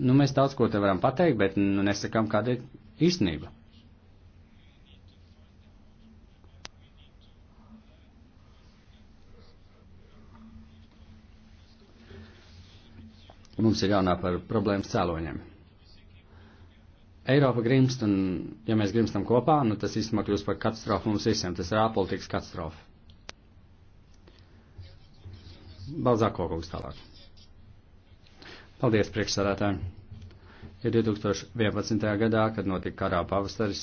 Nu, mēs daudz ko te varam pateikt, bet nu, nesakām, kāda ir īstenība. Mums ir jānāk par problēmas cēloņiem. Eiropa grimst, un ja mēs grimstam kopā, nu tas īstenībā kļūst par katastrofu mums visiem. Tas ir ārpolitikas katastrofa. Balzāko kungs tālāk. Paldies, priekšsādātāji! Ir 2011. gadā, kad notika karā pavasaris,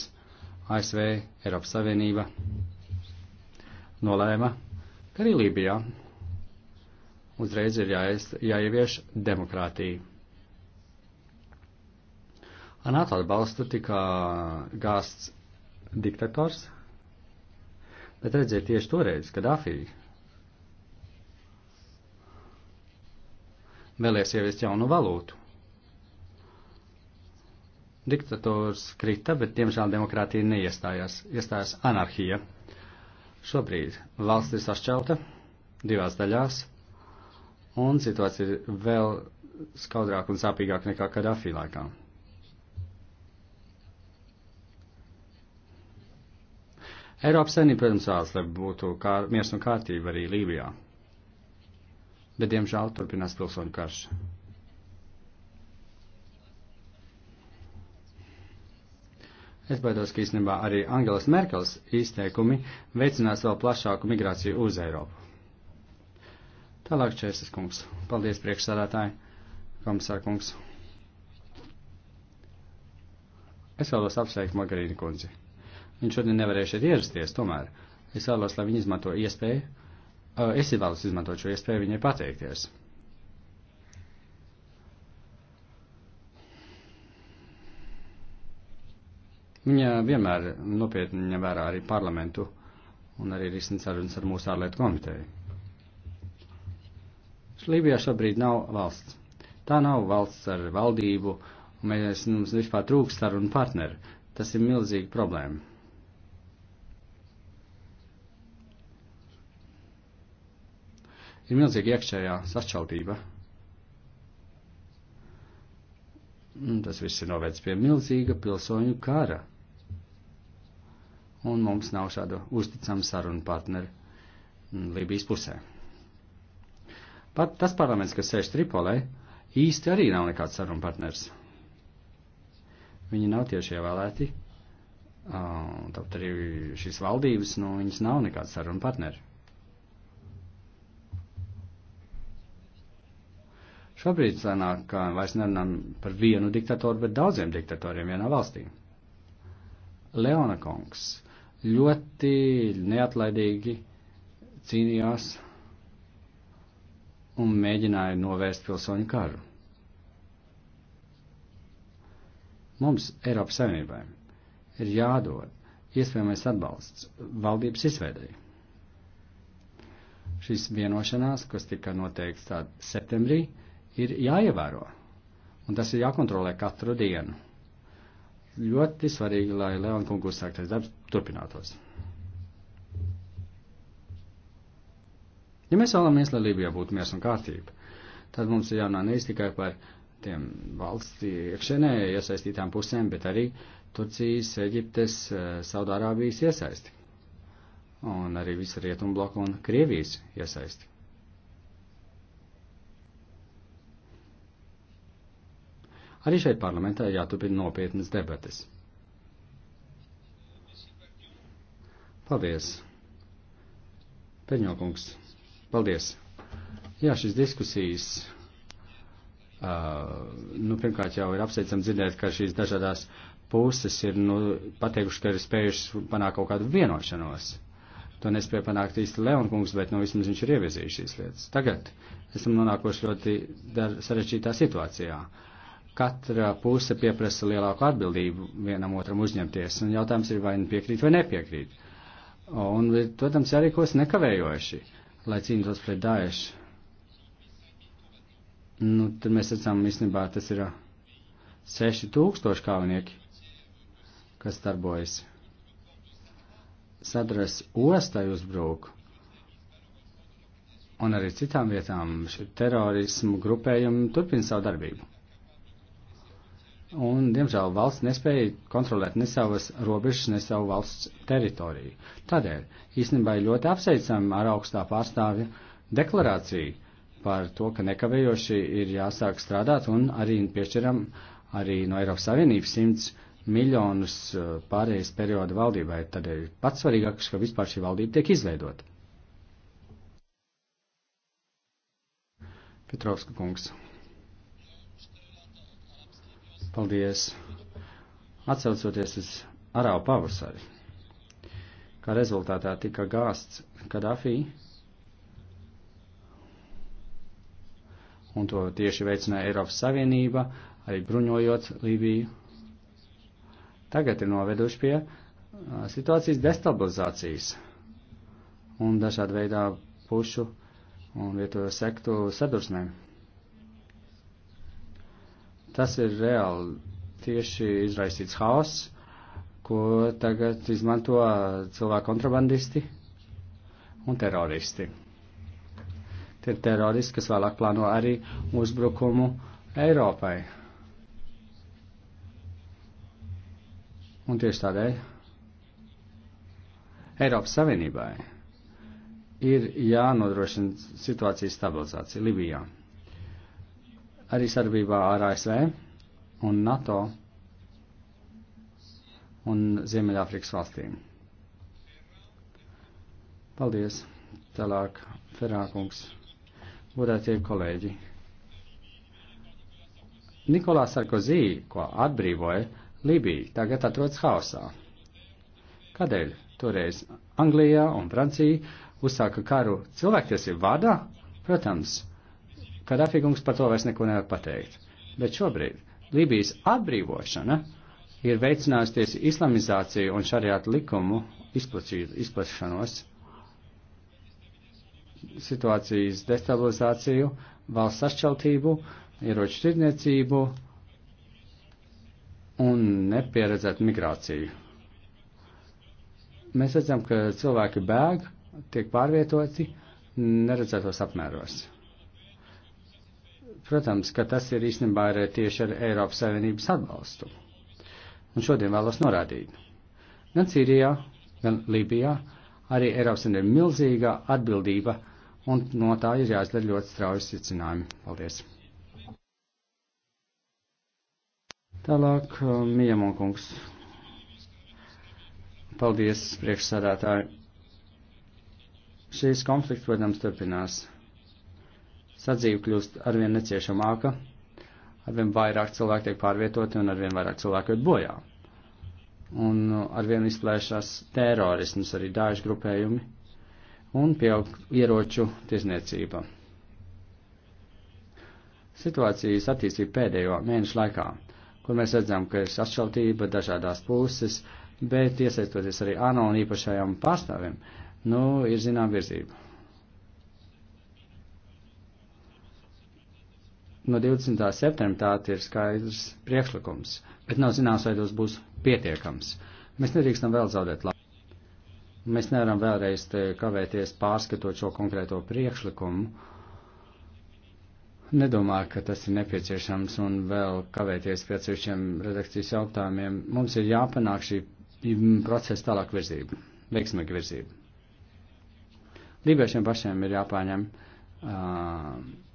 ASV, Eiropas Savienība nolēma, ka arī Lībijā uzreiz ir jāies, jāievieš demokrātija. Ar NATO atbalstu tika gāsts diktators, bet redziet, tieši toreiz, kad Afija vēlies ieviest jaunu valūtu. Diktators krita, bet diemžēl demokrātija neiestājās, iestājās anarhija. Šobrīd valsts ir sašķelta divās daļās, un situācija ir vēl skaudrāk un sāpīgāk nekā Kadafī laikā. Eiropas senī, protams, vēlas, lai būtu kā, miers un kārtība arī Lībijā bet diemžēl turpinās pilsoņu karš. Es baidos, ka īstenībā arī Angelas Merkels izteikumi veicinās vēl plašāku migrāciju uz Eiropu. Tālāk Čēsas kungs. Paldies priekšsādātāji, komisār kungs. Es vēlos apsveikt Margarīnu kundzi. Viņš šodien nevarēja šeit ierasties, tomēr es vēlos, lai viņi izmanto iespēju Uh, es ievēlos izmantot šo iespēju viņai pateikties. Viņa vienmēr nopietni ņem vērā arī parlamentu un arī risina sarunas ar mūsu ārlietu komiteju. Lībijā šobrīd nav valsts. Tā nav valsts ar valdību, un mēs, mums vispār trūkst sarunu partneri. Tas ir milzīga problēma. ir milzīga iekšējā sašķautība. Un tas viss ir novēdz pie milzīga pilsoņu kara. Un mums nav šādu uzticamu sarunu partneri mm, Libijas pusē. Pat tas parlaments, kas sēž Tripolē, īsti arī nav nekāds sarunu partners. Viņi nav tieši ievēlēti, tāpat arī šīs valdības, nu, viņas nav nekāds sarunu partneri. Šobrīd sanāk, ka vairs nerunām par vienu diktatoru, bet daudziem diktatoriem vienā valstī. Leona kungs ļoti neatlaidīgi cīnījās un mēģināja novērst pilsoņu karu. Mums, Eiropas Savienībai, ir jādod iespējamais atbalsts valdības izveidēji. Šis vienošanās, kas tika noteikts tādā septembrī, ir jāievēro, un tas ir jākontrolē katru dienu. Ļoti svarīgi, lai Leona kungu uzsāktais darbs turpinātos. Ja mēs vēlamies, lai Lībijā būtu miers un kārtība, tad mums ir jānāk ne tikai par tiem valsts iekšēnē iesaistītām pusēm, bet arī Turcijas, Eģiptes, eh, Saudārābijas iesaisti. Un arī visa Rietumbloka un Krievijas iesaisti. Arī šeit parlamentā jāturpina nopietnas debates. Paldies! Peņokungs, paldies! Jā, šis diskusijas Uh, nu, pirmkārt jau ir apsveicami dzirdēt, ka šīs dažādās puses ir nu, pateikuši, ka ir spējuši panākt kaut kādu vienošanos. To nespēja panākt īsti Leonkungs, bet nu, vismaz viņš ir ieviezījis šīs lietas. Tagad esam nonākuši ļoti sarežģītā situācijā. Uh, katra puse pieprasa lielāku atbildību vienam otram uzņemties, un jautājums ir, vai nu piekrīt vai nepiekrīt. Un, protams, jārīkos nekavējoši, lai cīnītos pret Daešu. Nu, tad mēs redzam, īstenībā tas ir 6000 uh, kāvinieki, kas darbojas. Sadras ostai uzbrūk. Un arī citām vietām šī terorismu grupējumi turpina savu darbību un, diemžēl, valsts nespēja kontrolēt ne savas robežas, ne savu valsts teritoriju. Tādēļ īstenībā ir ļoti apsveicama ar augstā pārstāvja deklarāciju par to, ka nekavējoši ir jāsāk strādāt un arī piešķiram arī no Eiropas Savienības 100 miljonus uh, pārējais perioda valdībai. Tādēļ pats svarīgākais, ka vispār šī valdība tiek izveidota. Petrovska kungs. Paldies! Atcaucoties uz arābu pavasari, kā rezultātā tika gāsts Kadafī, un to tieši veicināja Eiropas Savienība, arī bruņojot Lībiju. Tagad ir noveduši pie situācijas destabilizācijas un dažāda veidā pušu un vietu sektu sadursmēm. Tas ir reāli tieši izraisīts haoss, ko tagad izmanto cilvēku kontrabandisti un teroristi. Tie ir teroristi, kas vēlāk plāno arī uzbrukumu Eiropai. Un tieši tādēļ Eiropas Savienībai ir jānodrošina situācijas stabilizācija Libijā arī sadarbībā ar ASV un NATO un Ziemeļāfrikas valstīm. Paldies! Tālāk, Ferākungs, godētie kolēģi. Nikolā Sarkozī, ko atbrīvoja Libija, tagad atrodas hausā. Kādēļ toreiz Anglijā un Francija uzsāka karu cilvēktiesību vārdā? Protams, ka Rafīgungs par to vairs neko nevar pateikt. Bet šobrīd Lībijas atbrīvošana ir veicinājusies islamizāciju un šariātu likumu izplatīšanos, situācijas destabilizāciju, valsts sašķeltību, ieroču tirdzniecību un nepieredzētu migrāciju. Mēs redzam, ka cilvēki bēg, tiek pārvietoti neredzētos apmēros. Protams, ka tas ir īstenībā arī tieši ar Eiropas Savienības atbalstu. Un šodien vēlos norādīt. Gan Sīrijā, gan Lībijā arī Eiropas un ir milzīga atbildība, un no tā ir jāizdara ļoti strauji secinājumi. Paldies! Tālāk, um, Mijamo kungs. Paldies, priekšsādātāji. Šīs konflikts, protams, turpinās sadzīve kļūst arvien neciešamāka, arvien vairāk cilvēku tiek pārvietoti un arvien vairāk cilvēku iet bojā. Un uh, arvien izplēšās terorisms, arī dāžu grupējumi un pieaug ieroču tirzniecība. Situācijas attīstība pēdējo mēnešu laikā, kur mēs redzam, ka ir sašķeltība dažādās puses, bet iesaistoties arī ANO un īpašajām pārstāvim, nu, ir zinām virzība. no 20. septembra tā ir skaidrs priekšlikums, bet nav zināms, vai tas būs pietiekams. Mēs nedrīkstam vēl zaudēt laiku. Mēs nevaram vēlreiz kavēties pārskatot šo konkrēto priekšlikumu. Nedomāju, ka tas ir nepieciešams un vēl kavēties pie atsevišķiem redakcijas jautājumiem. Mums ir jāpanāk šī procesa tālāk virzība, veiksmīga virzība. Lībiešiem pašiem ir jāpāņem. Uh,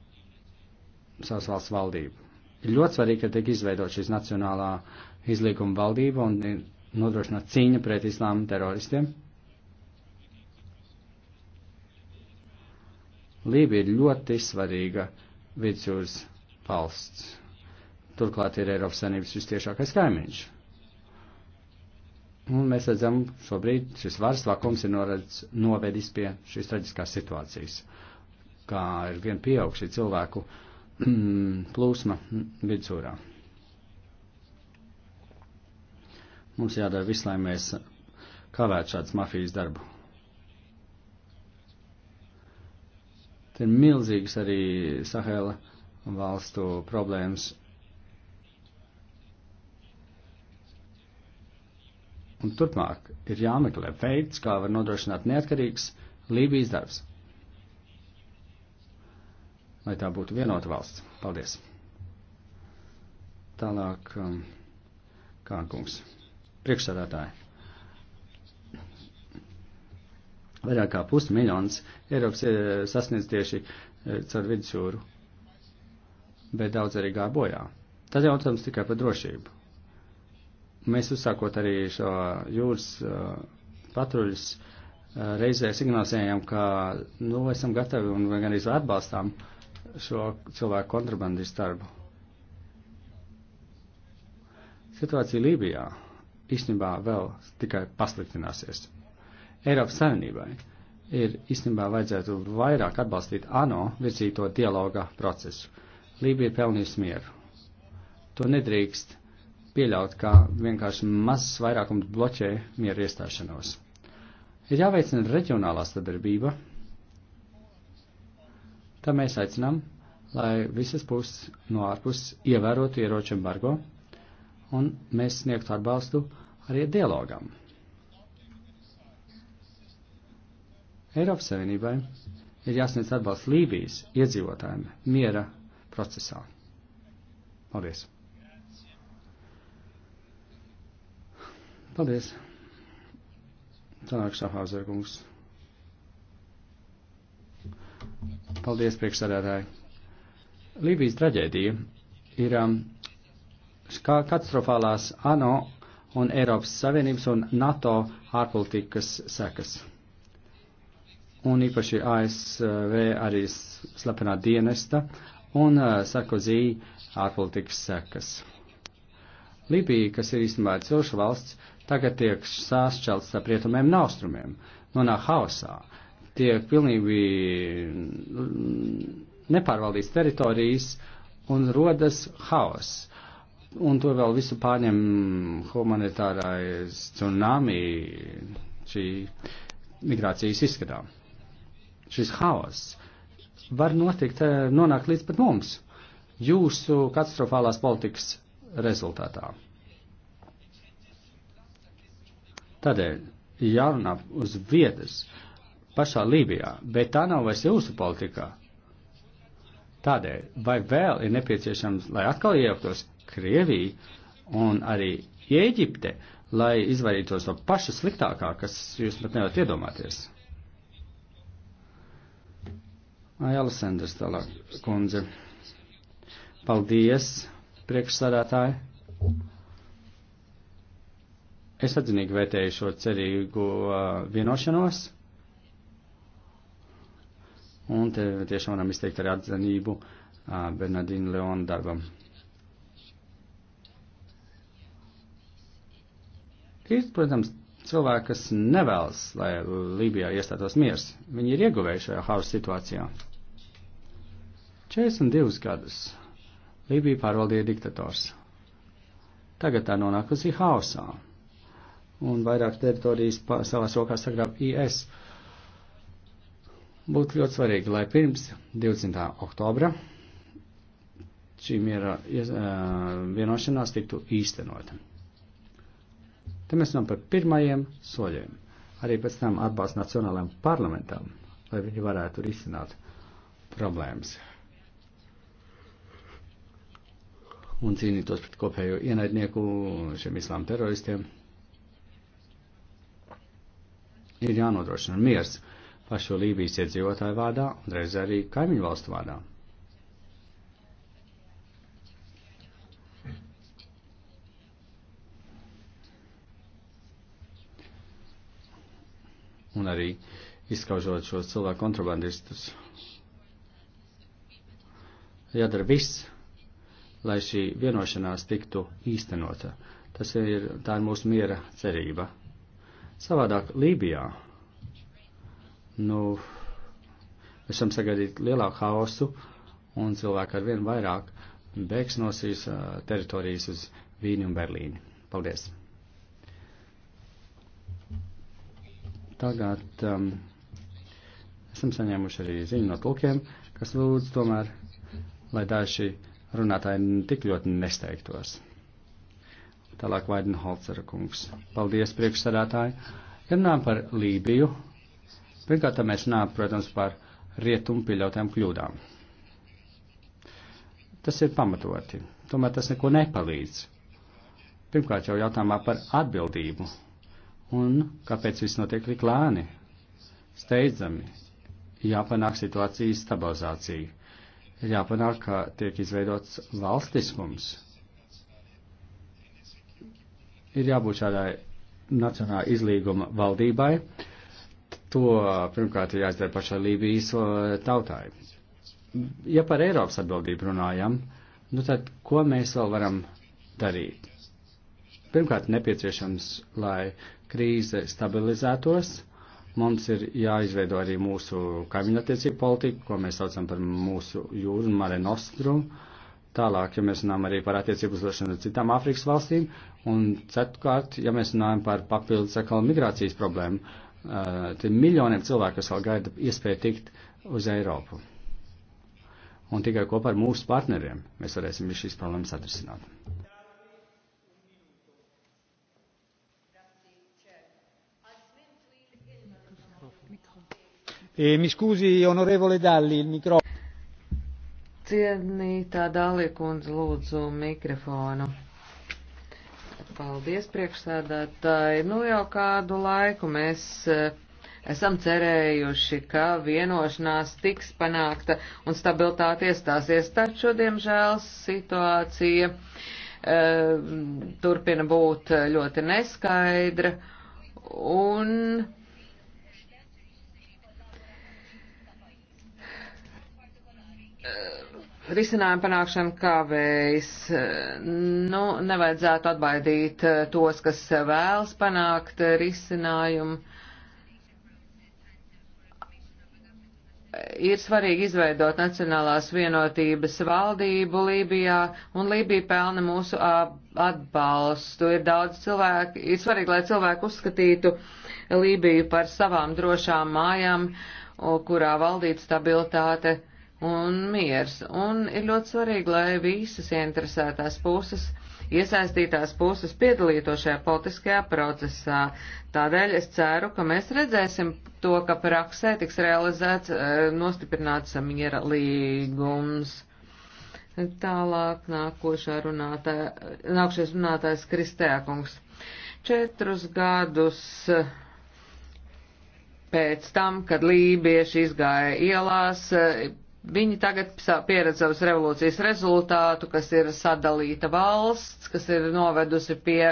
savas valsts valdību. Ir ļoti svarīgi, ka tiek izveidot šīs nacionālā izlīguma valdība un nodrošināt cīņa pret islāma teroristiem. Lībija ir ļoti svarīga vidusjūras valsts. Turklāt ir Eiropas Savienības vistiešākais kaimiņš. Un mēs redzam, šobrīd šis varas vakums ir noredz, novedis pie šīs traģiskās situācijas, kā ir vien pieaugšie cilvēku uh, Hmm, plūsma vidzjūrā. Mums jādara viss, lai mēs kavētu šādas mafijas darbu. Te ir milzīgas arī Sahela valstu problēmas. Un turpmāk ir jāmeklē veids, kā var nodrošināt neatkarīgs Lībijas darbs lai tā būtu vienota valsts. Paldies! Tālāk, um, Kārkungs, priekšsādātāji. Vairāk kā pusmiljons Eiropas eh, sasniedz tieši eh, caur vidusjūru, bet daudz arī gāja bojā. Tad jautājums tikai par drošību. Mēs uzsākot arī šo jūras eh, patruļus, reizē signalizējam, ka, nu, esam gatavi un gan arī atbalstām uh, šo cilvēku kontrabandistu darbu. Situācija Lībijā īstenībā vēl tikai pasliktināsies. Eiropas Savienībai ir īstenībā vajadzētu vairāk atbalstīt ANO virzīto dialoga procesu. Lībija ir pelnījusi mieru. To nedrīkst pieļaut, kā vienkārši mazs vairākums bloķē mieru iestāšanos. Ir jāveicina reģionālā sadarbība Tā mēs aicinām, lai visas puses no ārpuses ievērotu ieroču embargo, un mēs sniegtu atbalstu arī dialogam. Eiropas Savienībai ir jāsniedz atbalsts Lībijas iedzīvotājiem miera procesā. Paldies! Paldies! Tālāk Šahāzerkungs. Paldies, priekšsādātāji. Lībijas traģēdija ir um, kā katastrofālās ANO un Eiropas Savienības un NATO ārpolitikas sekas. Un īpaši ASV arī slepenā dienesta un uh, Sarkozī ārpolitikas sekas. Libija, kas ir īstenībā cilšu valsts, tagad tiek sāsčelts ar rietumiem un austrumiem, nonāk hausā tiek pilnībā nepārvaldīts teritorijas un rodas haoss. Un to vēl visu pārņem humanitārais tsunami šī migrācijas izskatā. Šis haoss var notikt, nonākt līdz pat mums jūsu katastrofālās politikas rezultātā. Tādēļ jārunā uz vietas, uh, pašā Lībijā, bet tā nav vairs jūsu politikā. Tādēļ, vai vēl ir nepieciešams, lai atkal iejauktos Krievija un arī Ēģipte, lai izvairītos no paša sliktākā, kas jūs pat nevarat iedomāties? Aijala Sanders tālāk, kundze. Paldies, priekšsādātāji. Es atzinīgi vērtēju šo cerīgo uh, vienošanos. Un te tiešām varam izteikt arī atzinību Bernardīna Leona darbam. Ir, protams, cilvēki, kas nevēlas, lai Lībijā iestātos miers. Viņi ir ieguvējuši šajā hausa situācijā. 42 gadus Lībiju pārvaldīja diktators. Tagad tā nonākusi hausā, un vairāk teritorijas savās rokās sagrāb IS. Uh, Būtu ļoti svarīgi, lai pirms 20. oktobra šī miera vienošanās tiktu īstenota. Te mēs runājam par pirmajiem soļiem. Arī pēc tam atbalsts nacionālajiem parlamentam, lai viņi varētu risināt problēmas un cīnītos pret kopējo ienaidnieku, šiem islāma teroristiem. Ir jānodrošina miers pašu Lībijas iedzīvotāju vārdā un reiz arī kaimiņu valstu vārdā. Un arī izskaužot šos cilvēku kontrabandistus. Jādara viss, lai šī vienošanās tiktu īstenota. Tas ir, tā ir mūsu miera cerība. Savādāk Lībijā nu, mēs varam sagaidīt lielāku hausu un cilvēku ar vien vairāk bēgs no šīs uh, teritorijas uz Vīni un Berlīni. Paldies! Tagad um, esam saņēmuši arī ziņu no tulkiem, kas lūdz tomēr, lai daži runātāji tik ļoti nesteigtos. Tālāk Vaidenholcera kungs. Paldies, priekšsarātāji! Runājam par Lībiju Pirmkārt, mēs runājam, protams, par rietumu pieļautām kļūdām. Tas ir pamatoti. Tomēr tas neko nepalīdz. Pirmkārt, jau jautājumā par atbildību. Un kāpēc viss notiek tik lēni? Steidzami. Jāpanāk situācijas stabilizācija. Ir jāpanāk, ka tiek izveidots valstiskums. Ir jābūt šādai nacionālā izlīguma valdībai, to pirmkārt ir jāizdara pašai Lībijas tautai. Ja par Eiropas atbildību runājam, nu tad ko mēs vēl varam darīt? Pirmkārt, nepieciešams, lai krīze stabilizētos. Mums ir jāizveido arī mūsu kaimiņattiecību politiku, ko mēs saucam par mūsu jūru un mare nostrum. Tālāk, ja mēs runājam arī par attiecību uzlašanu ar citām Āfrikas valstīm, un ceturkārt, ja mēs runājam par papildus atkal migrācijas problēmu, Te miljoniem cilvēku, kas vēl gaida iespēju tikt uz Eiropu. Un tikai kopā ar mūsu partneriem mēs varēsim visu šīs problēmas atrisināt. E, mi scusi, onorevole Dalli, il microfono. Cienītā Dalli kundze lūdzu mikrofonu. Paldies, priekšsēdētāji. Nu jau kādu laiku mēs eh, esam cerējuši, ka vienošanās tiks panākta un stabilitāte iestāsies, taču, diemžēl, situācija e, turpina būt ļoti neskaidra un risinājumu panākšana kavējas. Nu, nevajadzētu atbaidīt eh, tos, kas vēlas panākt eh, risinājumu. Ir svarīgi izveidot Nacionālās vienotības valdību Lībijā, un Lībija pelna mūsu atbalstu. Ir daudz cilvēku, ir svarīgi, lai cilvēki uzskatītu Lībiju par savām drošām mājām, kurā valdīt stabilitāte un miers. Un ir ļoti svarīgi, lai visas interesētās puses, iesaistītās puses piedalītos šajā politiskajā procesā. Tādēļ es ceru, ka mēs redzēsim to, ka praksē tiks realizēts e, nostiprināts miera līgums. Tālāk nākošā runātāja, nākošais runātājs Kristēkungs. Četrus gadus pēc tam, kad lībieši izgāja ielās, Viņi tagad pieredz savas revolūcijas rezultātu, kas ir sadalīta valsts, kas ir novedusi pie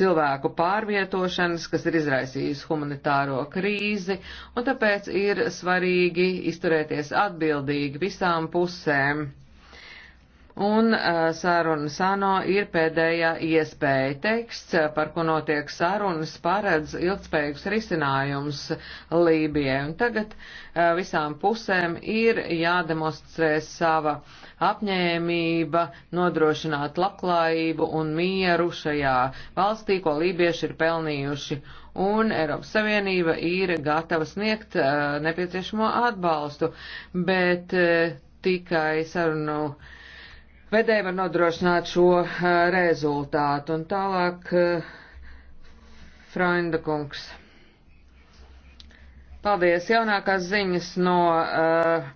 cilvēku pārvietošanas, kas ir izraisījusi humanitāro krīzi, un tāpēc ir svarīgi izturēties atbildīgi visām pusēm Un uh, saruna sano ir pēdējā iespēja teksts, eh, par ko notiek sarunas, paredz ilgspējīgs risinājums Lībijai. Un tagad uh, visām pusēm ir jādemonstrē sava apņēmība nodrošināt labklājību un mieru šajā valstī, ko lībieši ir pelnījuši. Un Eiropas Savienība ir gatava sniegt uh, nepieciešamo atbalstu, bet uh, tikai sarunu. Uh, vedēji var nodrošināt šo eh, rezultātu. Un tālāk, eh, Freunda kungs. Paldies. Jaunākās ziņas no uh,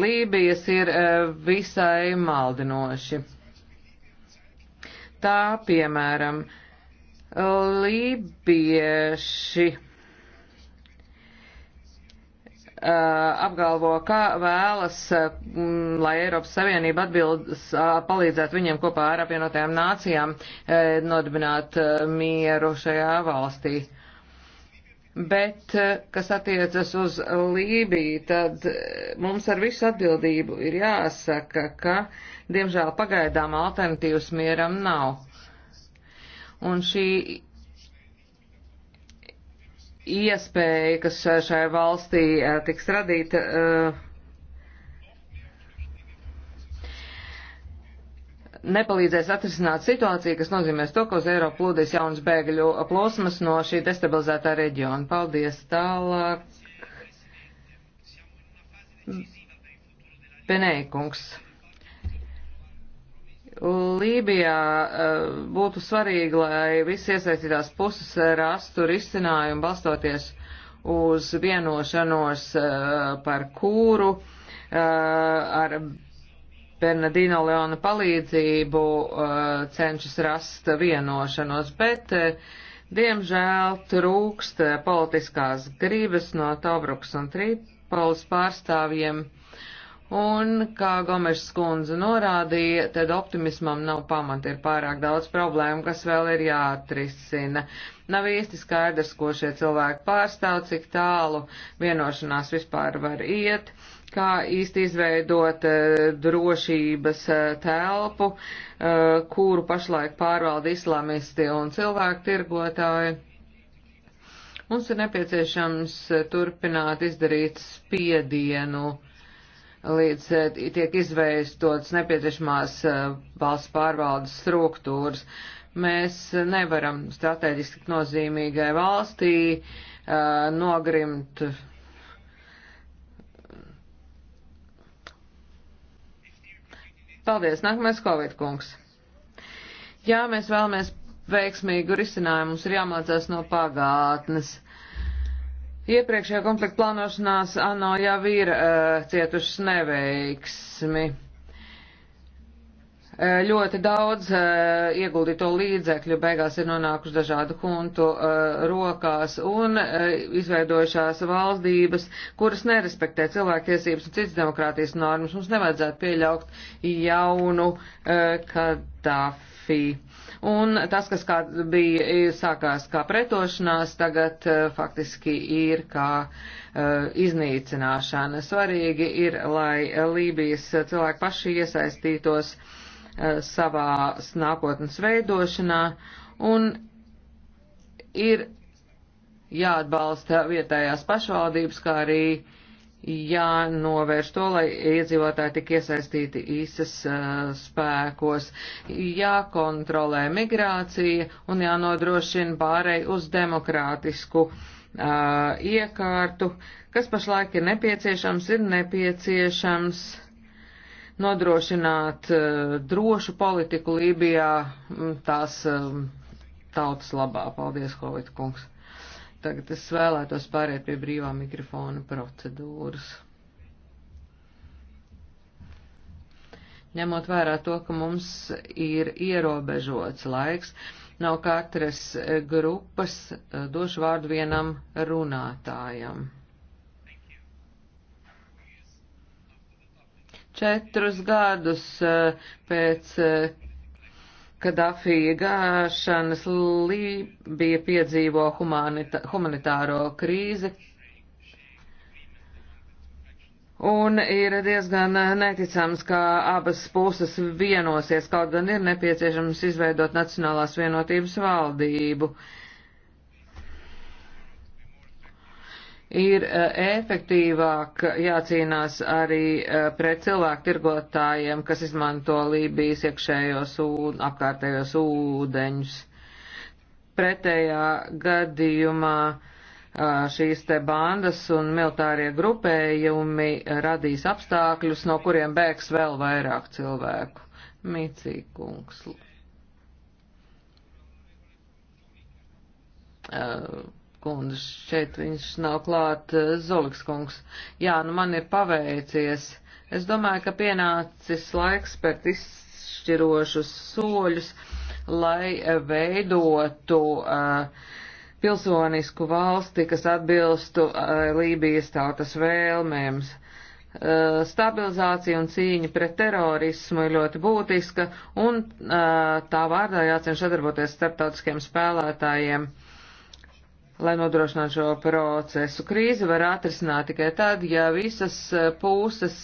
Lībijas ir uh, visai maldinoši. Tā, piemēram, lībieši Uh, apgalvo, ka vēlas, uh, mm, lai Eiropas Savienība atbildes uh, palīdzētu viņiem kopā ar apvienotajām nācijām nodibināt mieru šajā valstī. Bet, kas attiecas uz Lībiju, tad mums ar visu atbildību ir jāsaka, ka, diemžēl, pagaidām alternatīvas mieram nav. Un šī iespēja, kas uh, šai valstī uh, tiks radīta. Uh, nepalīdzēs atrisināt situāciju, kas nozīmēs to, ka uz Eiropu plūdīs jaunas bēgļu plosmas no šī destabilizētā reģiona. Paldies tālāk. Peneikungs. Lībijā eh, būtu svarīgi, lai visi iesaistītās puses rastu risinājumu balstoties uz vienošanos eh, par kūru eh, ar Bernardino Leona palīdzību cenšas rast vienošanos, bet diemžēl trūkst politiskās gribas no Tobruks un Tripols pārstāvjiem Un, kā Gomeša skundze norādīja, tad optimismam nav pamata, ir pārāk daudz problēmu, kas vēl ir jāatrisina. Nav īsti skaidrs, ko šie cilvēki pārstāv, cik tālu vienošanās vispār var iet, kā īsti izveidot uh, drošības uh, telpu, uh, kuru pašlaik pārvalda islamisti un cilvēku tirgotāji. Mums ir nepieciešams turpināt izdarīt spiedienu līdz eh, tiek izveistotas nepieciešamās eh, valsts pārvaldes struktūras. Mēs nevaram strateģiski nozīmīgai valstī uh, nogrimt Paldies, nākamais Covid kungs. Jā, mēs vēlamies veiksmīgu risinājumu, mums ir jāmācās no pagātnes. Uh, Iepriekšējā konflikta plānošanās ANO jau ir uh, cietušas neveiksmi. Uh, ļoti daudz uh, ieguldīto līdzekļu beigās ir nonākuši dažādu huntu uh, rokās un izveidojušās valdības, kuras nerespektē cilvēktiesības un citas demokrātijas normas. Mums nevajadzētu pieļaut jaunu Kadāfī. Un tas, kas kā bija sākās kā pretošanās, tagad eh, faktiski ir kā eh, iznīcināšana. Svarīgi ir, lai Lībijas cilvēki paši iesaistītos eh, savā nākotnes veidošanā un ir jāatbalsta vietējās pašvaldības, kā arī uh, jānovērš to, lai iedzīvotāji tik iesaistīti īsas uh, spēkos, jākontrolē migrācija un jānodrošina pārēj uz demokrātisku uh, iekārtu, kas pašlaik ir nepieciešams, ir nepieciešams nodrošināt uh, drošu politiku Lībijā tās uh, tautas labā. Paldies, Hovita kungs! Tagad es vēlētos pāriet pie brīvā mikrofona procedūras. Ņemot vērā to, ka mums ir ierobežots laiks, nav katras grupas, eh, došu vārdu vienam runātājam. Četrus gadus eh, pēc eh, Kadafī iegāšanas Lībija piedzīvo humanita, humanitāro krīzi. Un ir diezgan neticams, ka abas puses vienosies, kaut gan ir nepieciešams izveidot Nacionālās vienotības valdību. Uh, ir eh, efektīvāk jācīnās arī eh, pret cilvēku tirgotājiem, kas izmanto Lībijas iekšējos un apkārtējos ūdeņus. Pretējā gadījumā eh, šīs te bandas un militārie grupējumi radīs apstākļus, no kuriem bēgs vēl vairāk cilvēku. Micīkungs. Uh, kundas, šeit viņš nav klāt, eh, Zoliks kungs. Jā, nu man ir paveicies. Es domāju, ka pienācis laiks spērt izšķirošus soļus, lai eh, veidotu uh, pilsonisku valsti, kas atbilstu uh, Lībijas tautas vēlmēm. Uh, stabilizācija un cīņa pret terorismu ir ļoti būtiska, un tā vārdā jācenš sadarboties starptautiskiem spēlētājiem. Uh, lai nodrošinātu šo procesu. Krīzi var atrisināt tikai tad, ja visas eh, puses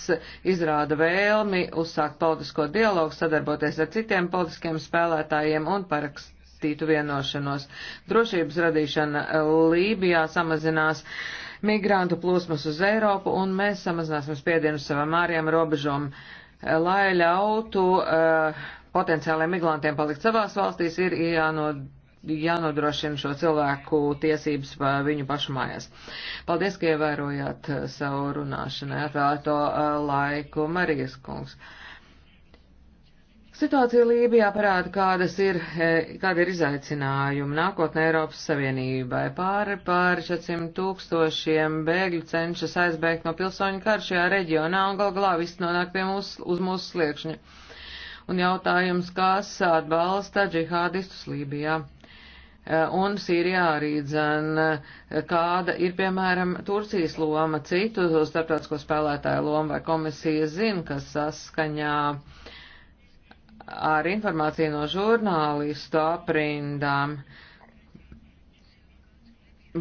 izrāda vēlmi uzsākt politisko dialogu, sadarboties ar citiem politiskiem spēlētājiem un parakstītu vienošanos. Drošības radīšana eh, Lībijā samazinās migrantu plūsmas uz Eiropu un mēs samazināsim spiedienu savam āriem robežom, eh, lai ļautu uh, potenciālajiem migrantiem palikt savās valstīs, ir jānodrošina jānodrošina šo cilvēku tiesības viņu pašu mājās. Paldies, ka ievērojāt uh, savu runāšanai atvēlēto uh, laiku, Marijas kungs. Situācija Lībijā parāda, kādas ir, eh, kāda ir izaicinājumi nākotnē Eiropas Savienībai. Pāri pāri 400 tūkstošiem bēgļu cenšas aizbēgt no pilsoņu karu šajā reģionā un gal galā viss nonāk pie mūs, uz mūsu sliekšņa. Un jautājums, kas atbalsta džihādistus Lībijā? Eh, un Sīrijā arī dzen, eh, kāda ir, piemēram, Turcijas loma, citu starptautisko spēlētāju loma, vai komisija zina, kas saskaņā ar informāciju no žurnālistu aprindām.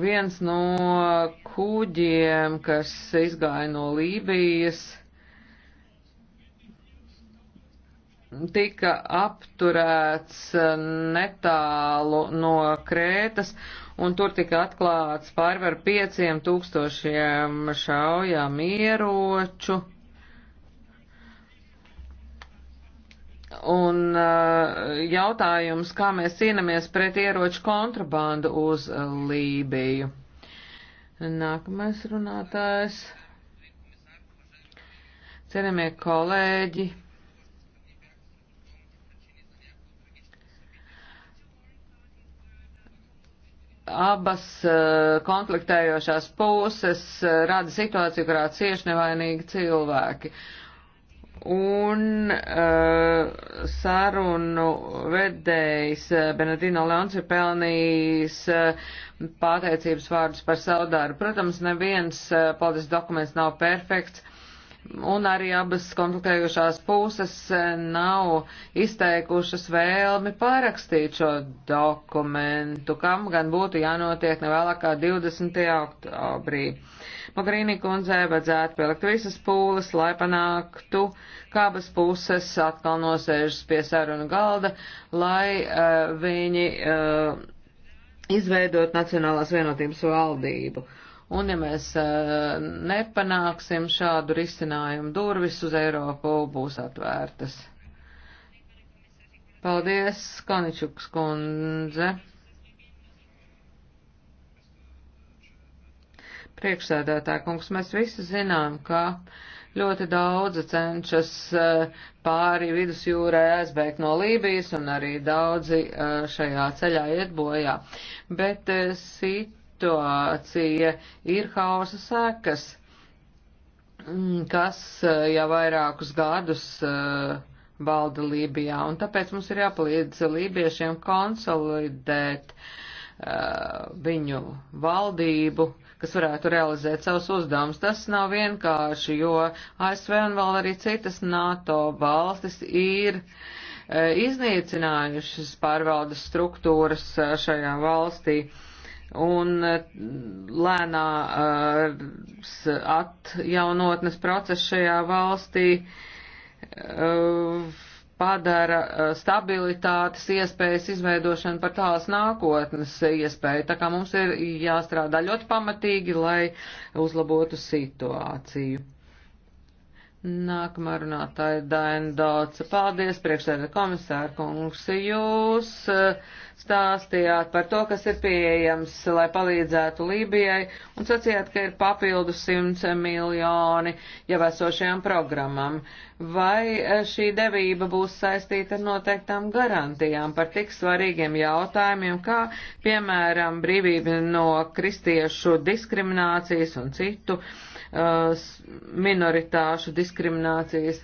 Viens no kuģiem, kas izgāja no Lībijas, tika apturēts eh, netālu no Krētas, un tur tika atklāts pārvar pieciem tūkstošiem šaujām ieroču. Un eh, jautājums, kā mēs cīnāmies pret ieroču kontrabandu uz Lībiju. Nākamais runātājs. Cienījamie kolēģi, abas eh, konfliktējošās puses eh, rada situāciju, kurā cieši nevainīgi cilvēki. Un uh, sarunu vedējs Benedino Leons ir pelnījis uh, pateicības vārdus par savu darbu. Protams, neviens uh, paldies dokuments nav perfekts, un arī abas konfliktējušās puses nav izteikušas vēlmi parakstīt šo dokumentu, kam gan būtu jānotiek nevēlāk kā 20. oktobrī. Mogrīnī kundzei vajadzētu pielikt visas pūles, lai panāktu, kā abas puses atkal nosēžas pie sarunu galda, lai uh, viņi uh, izveidot Nacionālās vienotības valdību. Uh, Un ja mēs nepanāksim šādu risinājumu, durvis uz Eiropu būs atvērtas. Paldies, Kaničuks kundze. Priekšsēdētāji kungs, mēs visi zinām, ka ļoti daudzi cenšas pāri vidusjūrai aizbēgt no Lībijas, un arī daudzi šajā ceļā iet bojā. Bet sit situācija ir hausa sekas, mm, kas eh, jau vairākus gadus eh, valda Lībijā, un tāpēc mums ir jāpalīdz lībiešiem konsolidēt uh, viņu valdību, kas varētu realizēt savus uzdevumus. Tas nav vienkārši, jo ASV un vēl arī citas NATO valstis ir uh, iznīcinājušas pārvaldes struktūras šajā valstī. Uh, un eh, lēnā eh, atjaunotnes process šajā valstī eh, padara stabilitātes iespējas izveidošanu par tālas nākotnes iespēju. Tā kā mums ir jāstrādā ļoti pamatīgi, lai uzlabotu situāciju. Nākamā runātāja Daina Dāca. Paldies, priekšsēdē komisāra kungs. Jūs uh, stāstījāt par to, kas ir pieejams, lai palīdzētu Lībijai, un sacījāt, ka ir papildus 100 miljoni jau esošajām programmam. Vai eh, šī devība būs saistīta ar noteiktām garantijām par tik svarīgiem jautājumiem, kā, piemēram, brīvība no kristiešu diskriminācijas un citu uh, minoritāšu diskriminācijas?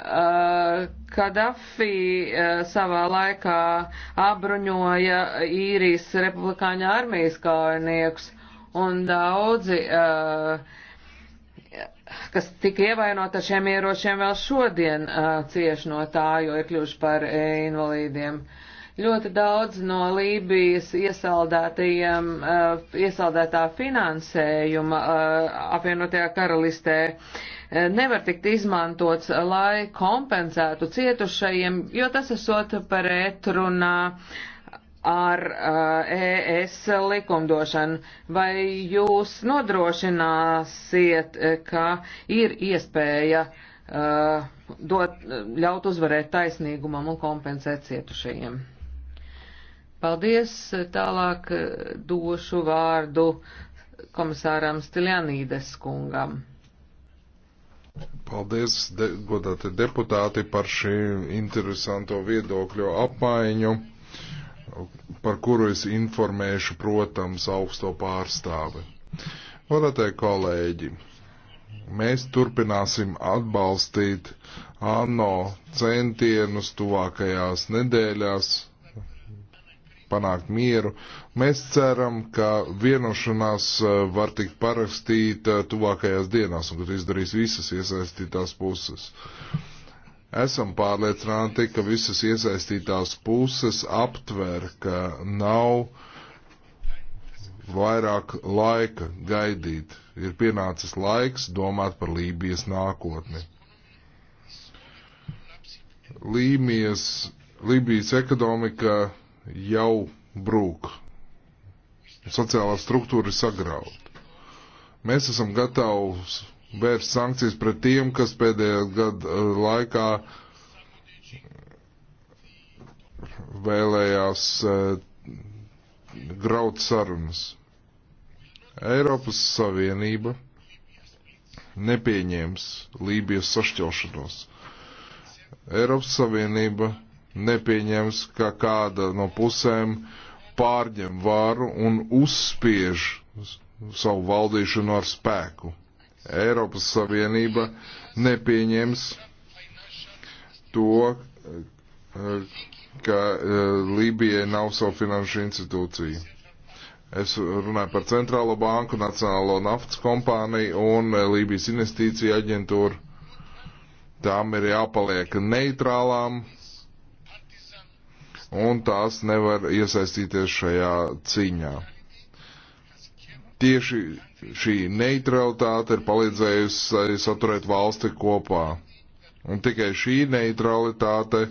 Uh, Kadafi uh, savā laikā apbruņoja īrijas republikāņu armijas kaujiniekus, un daudzi, uh, kas tika ievainoti ar šiem ieročiem, vēl šodien cieši no tā, jo ir kļuvuši par invalīdiem. Ļoti daudz no Lībijas iesaldētajiem, iesaldētā finansējuma apvienotajā karalistē nevar tikt izmantots, lai kompensētu cietušajiem, jo tas esot pretrunā ar ES likumdošanu. Vai jūs nodrošināsiet, ka ir iespēja dot, ļaut uzvarēt taisnīgumam un kompensēt cietušajiem? Paldies. Tālāk došu vārdu komisāram Stiljanīdes kungam. Paldies, de, godāti deputāti, par šī interesanto viedokļu apmaiņu, par kuru es informēšu, protams, augsto pārstāvi. Varētē kolēģi, mēs turpināsim atbalstīt ANO centienus tuvākajās nedēļās panākt mieru. Mēs ceram, ka vienošanās eh, var tikt parakstīta tuvākajās dienās un ka to izdarīs visas iesaistītās puses. Esam pārliecināti, ka visas iesaistītās puses aptver, ka nav vairāk laika gaidīt. Ir pienācis laiks domāt par Lībijas nākotni. Lībijas, Lībijas ekonomika jau brūk. Sociālā struktūra ir sagrauta. Mēs esam gatavi vērst sankcijas pret tiem, kas pēdējā gada eh, laikā vēlējās eh, graut sarunas. Eiropas Savienība nepieņēms Lībijas sašķelšanos. Eiropas Savienība nepieņems, ka kāda no pusēm pārņem varu un uzspiež savu valdīšanu ar spēku. Eiropas Savienība nepieņems to, ka e, Lībijai nav savu finanšu institūciju. Es runāju par Centrālo banku, Nacionālo naftas kompāniju un e, Lībijas investīciju aģentūru. Tām ir jāpaliek neitrālām, un tās nevar iesaistīties šajā cīņā. Tieši šī neutralitāte ir palīdzējusi saturēt valsti kopā. Un tikai šī neutralitāte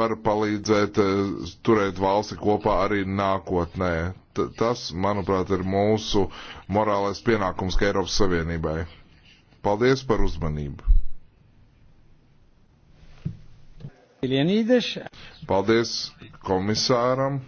var palīdzēt eh, turēt valsti kopā arī nākotnē. T tas, manuprāt, ir mūsu morālais pienākums kā Eiropas Savienībai. Paldies par uzmanību! Paldies komisāram!